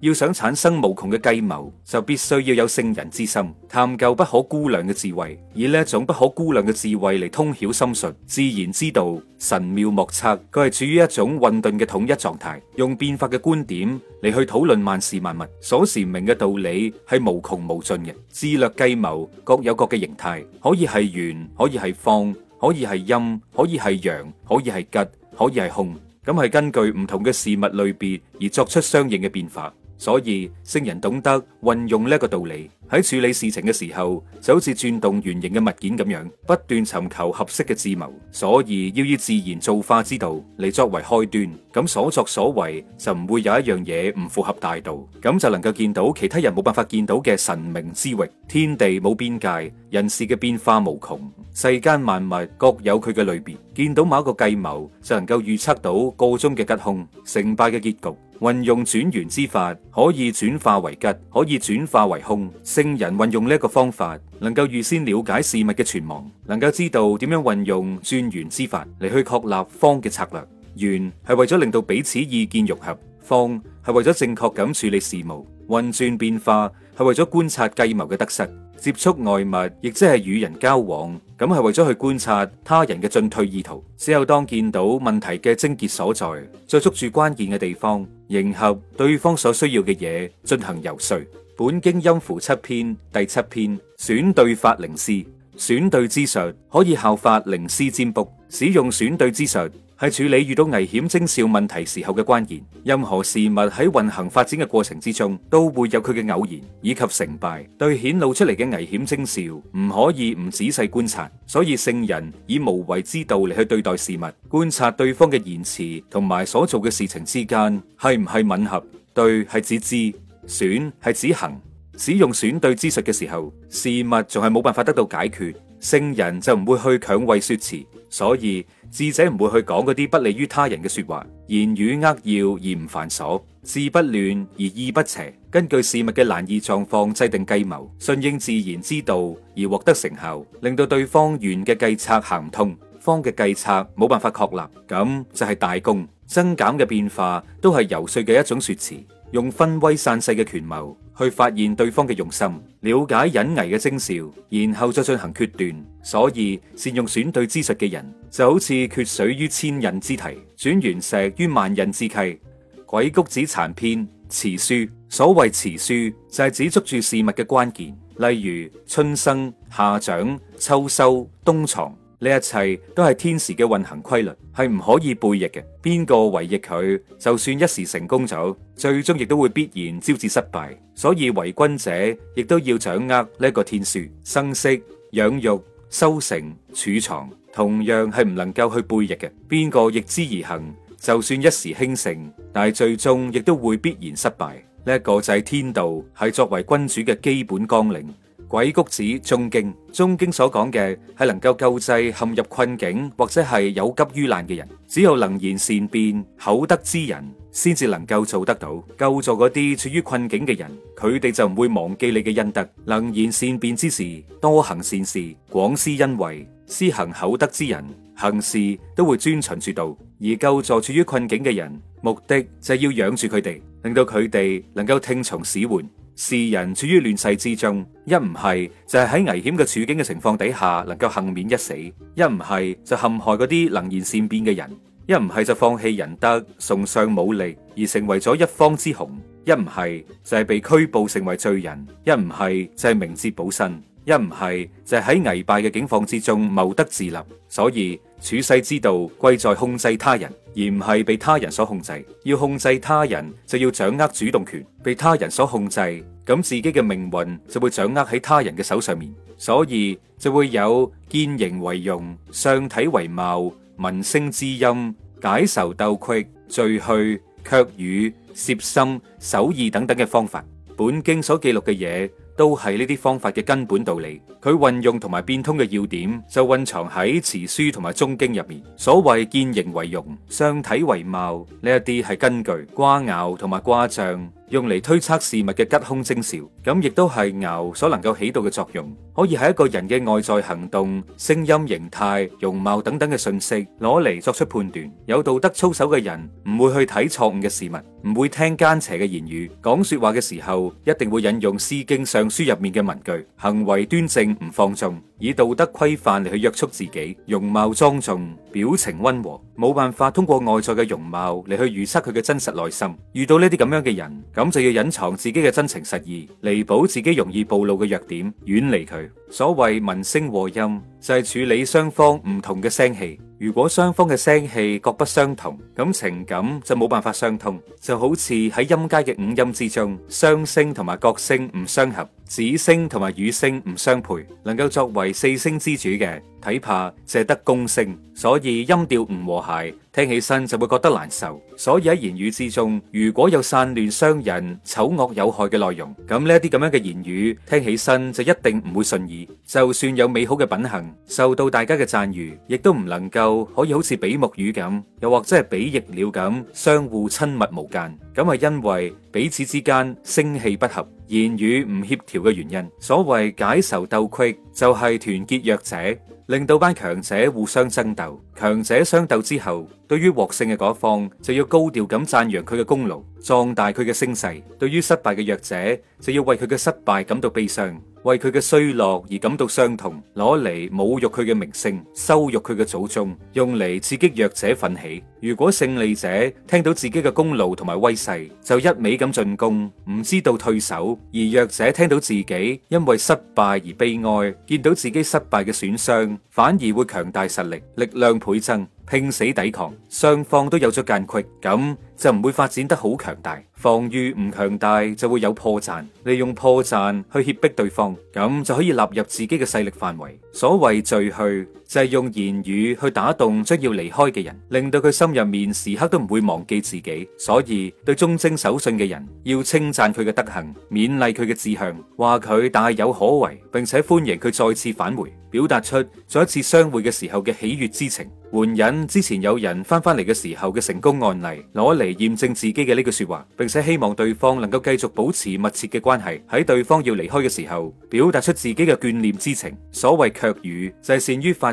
要想產生無窮嘅計謀，就必須要有聖人之心，探究不可估量嘅智慧。以呢一種不可估量嘅智慧嚟通曉心術，自然之道神妙莫測。佢係處於一種混沌嘅統一狀態，用變化嘅觀點嚟去討論萬事萬物，所闡明嘅道理係無窮無盡嘅。智略計謀各有各嘅形態，可以係圓，可以係方，可以係陰，可以係陽，可以係吉，可以係凶。咁係根據唔同嘅事物類別而作出相應嘅變化。所以聖人懂得。So, 運用呢一個道理，喺處理事情嘅時候就好似轉動圓形嘅物件咁樣，不斷尋求合適嘅智謀。所以要以自然造化之道嚟作為開端，咁所作所為就唔會有一樣嘢唔符合大道。咁就能夠見到其他人冇辦法見到嘅神明之域，天地冇邊界，人事嘅變化無窮，世間萬物各有佢嘅類別。見到某一個計謀，就能夠預測到個中嘅吉凶、成敗嘅結局。運用轉圓之法，可以轉化為吉，可以，轉化為空，聖人運用呢個方法，能夠預先了解事物嘅存亡，能夠知道點樣運用轉圓之法嚟去確立方嘅策略。圓係為咗令到彼此意見融合，方係為咗正確咁處理事務。運轉變化係為咗觀察計謀嘅得失，接觸外物亦即係與人交往，咁係為咗去觀察他人嘅進退意圖。只有當見到問題嘅症結所在，再捉住關鍵嘅地方，迎合對方所需要嘅嘢進行游說。本經陰符七篇第七篇，損兌法靈蓍，損兌之術可以效法靈蓍占卜。使用損兌之術係處理遇到危險徵兆問題時候嘅關鍵。任何事物喺運行發展嘅過程之中，都會有佢嘅偶然以及成敗。對顯露出嚟嘅危險徵兆，唔可以唔仔細觀察。所以聖人以無為之道嚟去對待事物，觀察對方嘅言辭同埋所做嘅事情之間係唔係吻合？對，係指知。選係指行，使用選對之術嘅時候，事物仲係冇辦法得到解決。聖人就唔會去強為說辭，所以智者唔會去講嗰啲不利於他人嘅說話，言語扼要而唔繁瑣，志不亂而意不邪。根據事物嘅難易狀況制定計謀，順應自然之道而獲得成效，令到對方圓嘅計策行唔通，方嘅計策冇辦法確立，咁就係大功。增減嘅變化都係游說嘅一種說辭。用分威散勢嘅權謀去發現對方嘅用心，了解隱危嘅徵兆，然後再進行決斷。所以善用損兌之術嘅人，就好似決水於千仞之堤，轉圓石於萬仞之谿。鬼谷子殘篇持樞，所謂持樞就係、是、指捉住事物嘅關鍵，例如春生、夏長、秋收、冬藏。呢一切都係天時嘅運行規律，係唔可以背逆嘅。邊個違逆佢，就算一時成功咗，最終亦都會必然招致失敗。所以為君者亦都要掌握呢一個天書：生息、養育、收成、儲藏，同樣係唔能夠去背逆嘅。邊個逆之而行，就算一時興盛，但係最終亦都會必然失敗。呢一個就係天道，係作為君主嘅基本綱領。鬼谷子·中經，中經所講嘅係能夠救濟陷入困境或者係有急於難嘅人，只有能言善辯、厚德之人，先至能夠做得到。救助嗰啲處於困境嘅人，佢哋就唔會忘記你嘅恩德。能言善辯之事，多行善事，廣施恩惠，施行厚德之人，行事都會遵循住道。而救助處於困境嘅人，目的就係要養住佢哋，令到佢哋能夠聽從使喚。世人處於亂世之中，一唔係就係喺危險嘅處境嘅情況底下，能夠幸免一死；一唔係就陷害嗰啲能言善辯嘅人；一唔係就放棄仁德，崇尚武力而成為咗一方之雄；一唔係就係被拘捕成為罪人；一唔係就係明哲保身；一唔係就係喺危敗嘅境況之中謀得自立。所以。處世之道貴在控制他人，而唔係被他人所控制。要控制他人，就要掌握主動權；被他人所控制，咁自己嘅命運就會掌握喺他人嘅手上面。所以就會有見形為用、相體為貌、聞聲知音、解仇鬥隙、聚去卻語、攝心守意等等嘅方法。本經所記錄嘅嘢，都係呢啲方法嘅根本道理，佢運用同埋變通嘅要點就蘊藏喺持樞同埋中經入面。所謂見形為容，相體為貌，呢一啲係根據卦爻同埋卦象。用嚟推測事物嘅吉凶徵兆，咁亦都係牛所能夠起到嘅作用，可以係一個人嘅外在行動、聲音、形態、容貌等等嘅信息，攞嚟作出判斷。有道德操守嘅人唔會去睇錯誤嘅事物，唔會聽奸邪嘅言語。講說話嘅時候，一定會引用《詩經》《尚書》入面嘅文句，行為端正，唔放縱。以道德規範嚟去約束自己，容貌莊重，表情溫和，冇辦法通過外在嘅容貌嚟去預測佢嘅真實內心。遇到呢啲咁樣嘅人，咁就要隱藏自己嘅真情實意，彌補自己容易暴露嘅弱點，遠離佢。所謂聞聲和音，就係處理雙方唔同嘅聲氣。如果雙方嘅聲氣各不相同，咁情感就冇辦法相通，就好似喺音階嘅五音之中，商聲同埋角聲唔相合。子聲同埋羽聲唔相配，能夠作為四聲之主嘅睇怕借得宮聲，所以音調唔和諧，聽起身就會覺得難受。所以喺言語之中，如果有散亂傷人、醜惡有害嘅內容，咁呢啲咁樣嘅言語，聽起身就一定唔會順耳。就算有美好嘅品行，受到大家嘅讚譽，亦都唔能夠可以好似比目魚咁，又或者係比翼鳥咁相互親密無間。咁係因為彼此之間聲氣不合。言語唔協調嘅原因，所謂解仇鬥郤，就係、是、團結弱者，令到班強者互相爭鬥。強者相鬥之後，對於獲勝嘅嗰方就要高調咁讚揚佢嘅功勞，壯大佢嘅聲勢；對於失敗嘅弱者，就要為佢嘅失敗感到悲傷。為佢嘅衰落而感到傷痛，攞嚟侮辱佢嘅名聲，羞辱佢嘅祖宗，用嚟刺激弱者奮起。如果勝利者聽到自己嘅功勞同埋威勢，就一味咁進攻，唔知道退守；而弱者聽到自己因為失敗而悲哀，見到自己失敗嘅損傷，反而會強大實力，力量倍增。拼死抵抗，雙方都有咗間隙，咁就唔會發展得好強大。防禦唔強大，就會有破綻，利用破綻去脅迫對方，咁就可以納入自己嘅勢力範圍。所謂聚去。就係用言語去打動將要離開嘅人，令到佢心入面時刻都唔會忘記自己。所以對忠貞守信嘅人，要稱讚佢嘅德行，勉勵佢嘅志向，話佢大有可為，並且歡迎佢再次返回，表達出再一次相會嘅時候嘅喜悅之情。援引之前有人翻翻嚟嘅時候嘅成功案例，攞嚟驗證自己嘅呢句說話，並且希望對方能夠繼續保持密切嘅關係。喺對方要離開嘅時候，表達出自己嘅眷念之情。所謂卻語，就係、是、善於發。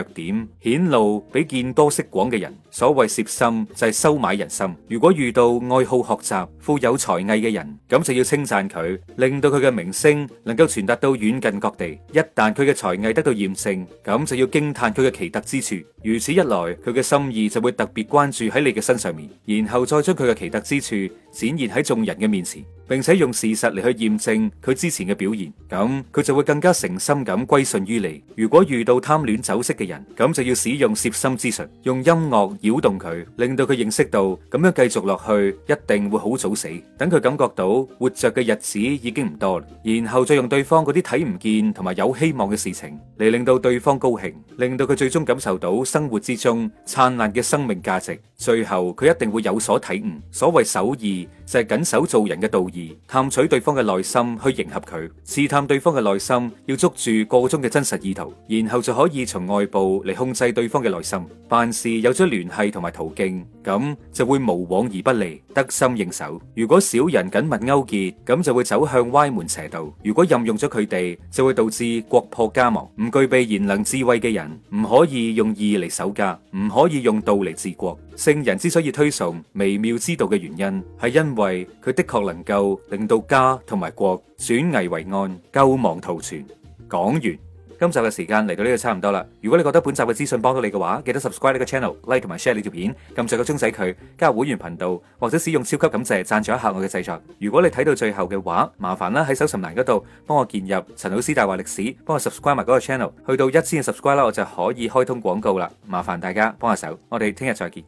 弱點顯露俾見多識廣嘅人，所謂攝心就係、是、收買人心。如果遇到愛好學習、富有才藝嘅人，咁就要稱讚佢，令到佢嘅名聲能夠傳達到遠近各地。一旦佢嘅才藝得到驗證，咁就要驚嘆佢嘅奇特之處。如此一來，佢嘅心意就會特別關注喺你嘅身上面，然後再將佢嘅奇特之處。展現喺眾人嘅面前，並且用事實嚟去驗證佢之前嘅表現，咁佢就會更加誠心咁歸順於你。如果遇到貪戀酒色嘅人，咁就要使用攝心之術，用音樂擾動佢，令到佢認識到咁樣繼續落去一定會好早死。等佢感覺到活着嘅日子已經唔多啦，然後再用對方嗰啲睇唔見同埋有希望嘅事情嚟令到對方高興，令到佢最終感受到生活之中燦爛嘅生命價值。最後佢一定會有所體悟。所謂守義。就係緊守做人嘅道義，探取對方嘅內心去迎合佢，試探對方嘅內心，要捉住個中嘅真實意圖，然後就可以從外部嚟控制對方嘅內心。辦事有咗聯繫同埋途徑。咁就會無往而不利，得心應手。如果小人緊密勾結，咁就會走向歪門邪道。如果任用咗佢哋，就會導致國破家亡。唔具備賢能智慧嘅人，唔可以用義嚟守家，唔可以用道嚟治國。聖人之所以推崇微妙之道嘅原因，係因為佢的確能夠令到家同埋國轉危為安，救亡圖存。講完。今集嘅時間嚟到呢度差唔多啦，如果你覺得本集嘅資訊幫到你嘅話，記得 subscribe 呢個 channel，like 同埋 share 呢條片，撳住個鐘仔佢，加入會員頻道或者使用超級感謝讚助一下我嘅製作。如果你睇到最後嘅話，麻煩啦喺搜尋欄嗰度幫我建入陳老師大話歷史，幫我 subscribe 埋嗰個 channel，去到一千嘅 subscribe 啦，我就可以開通廣告啦。麻煩大家幫下手，我哋聽日再見。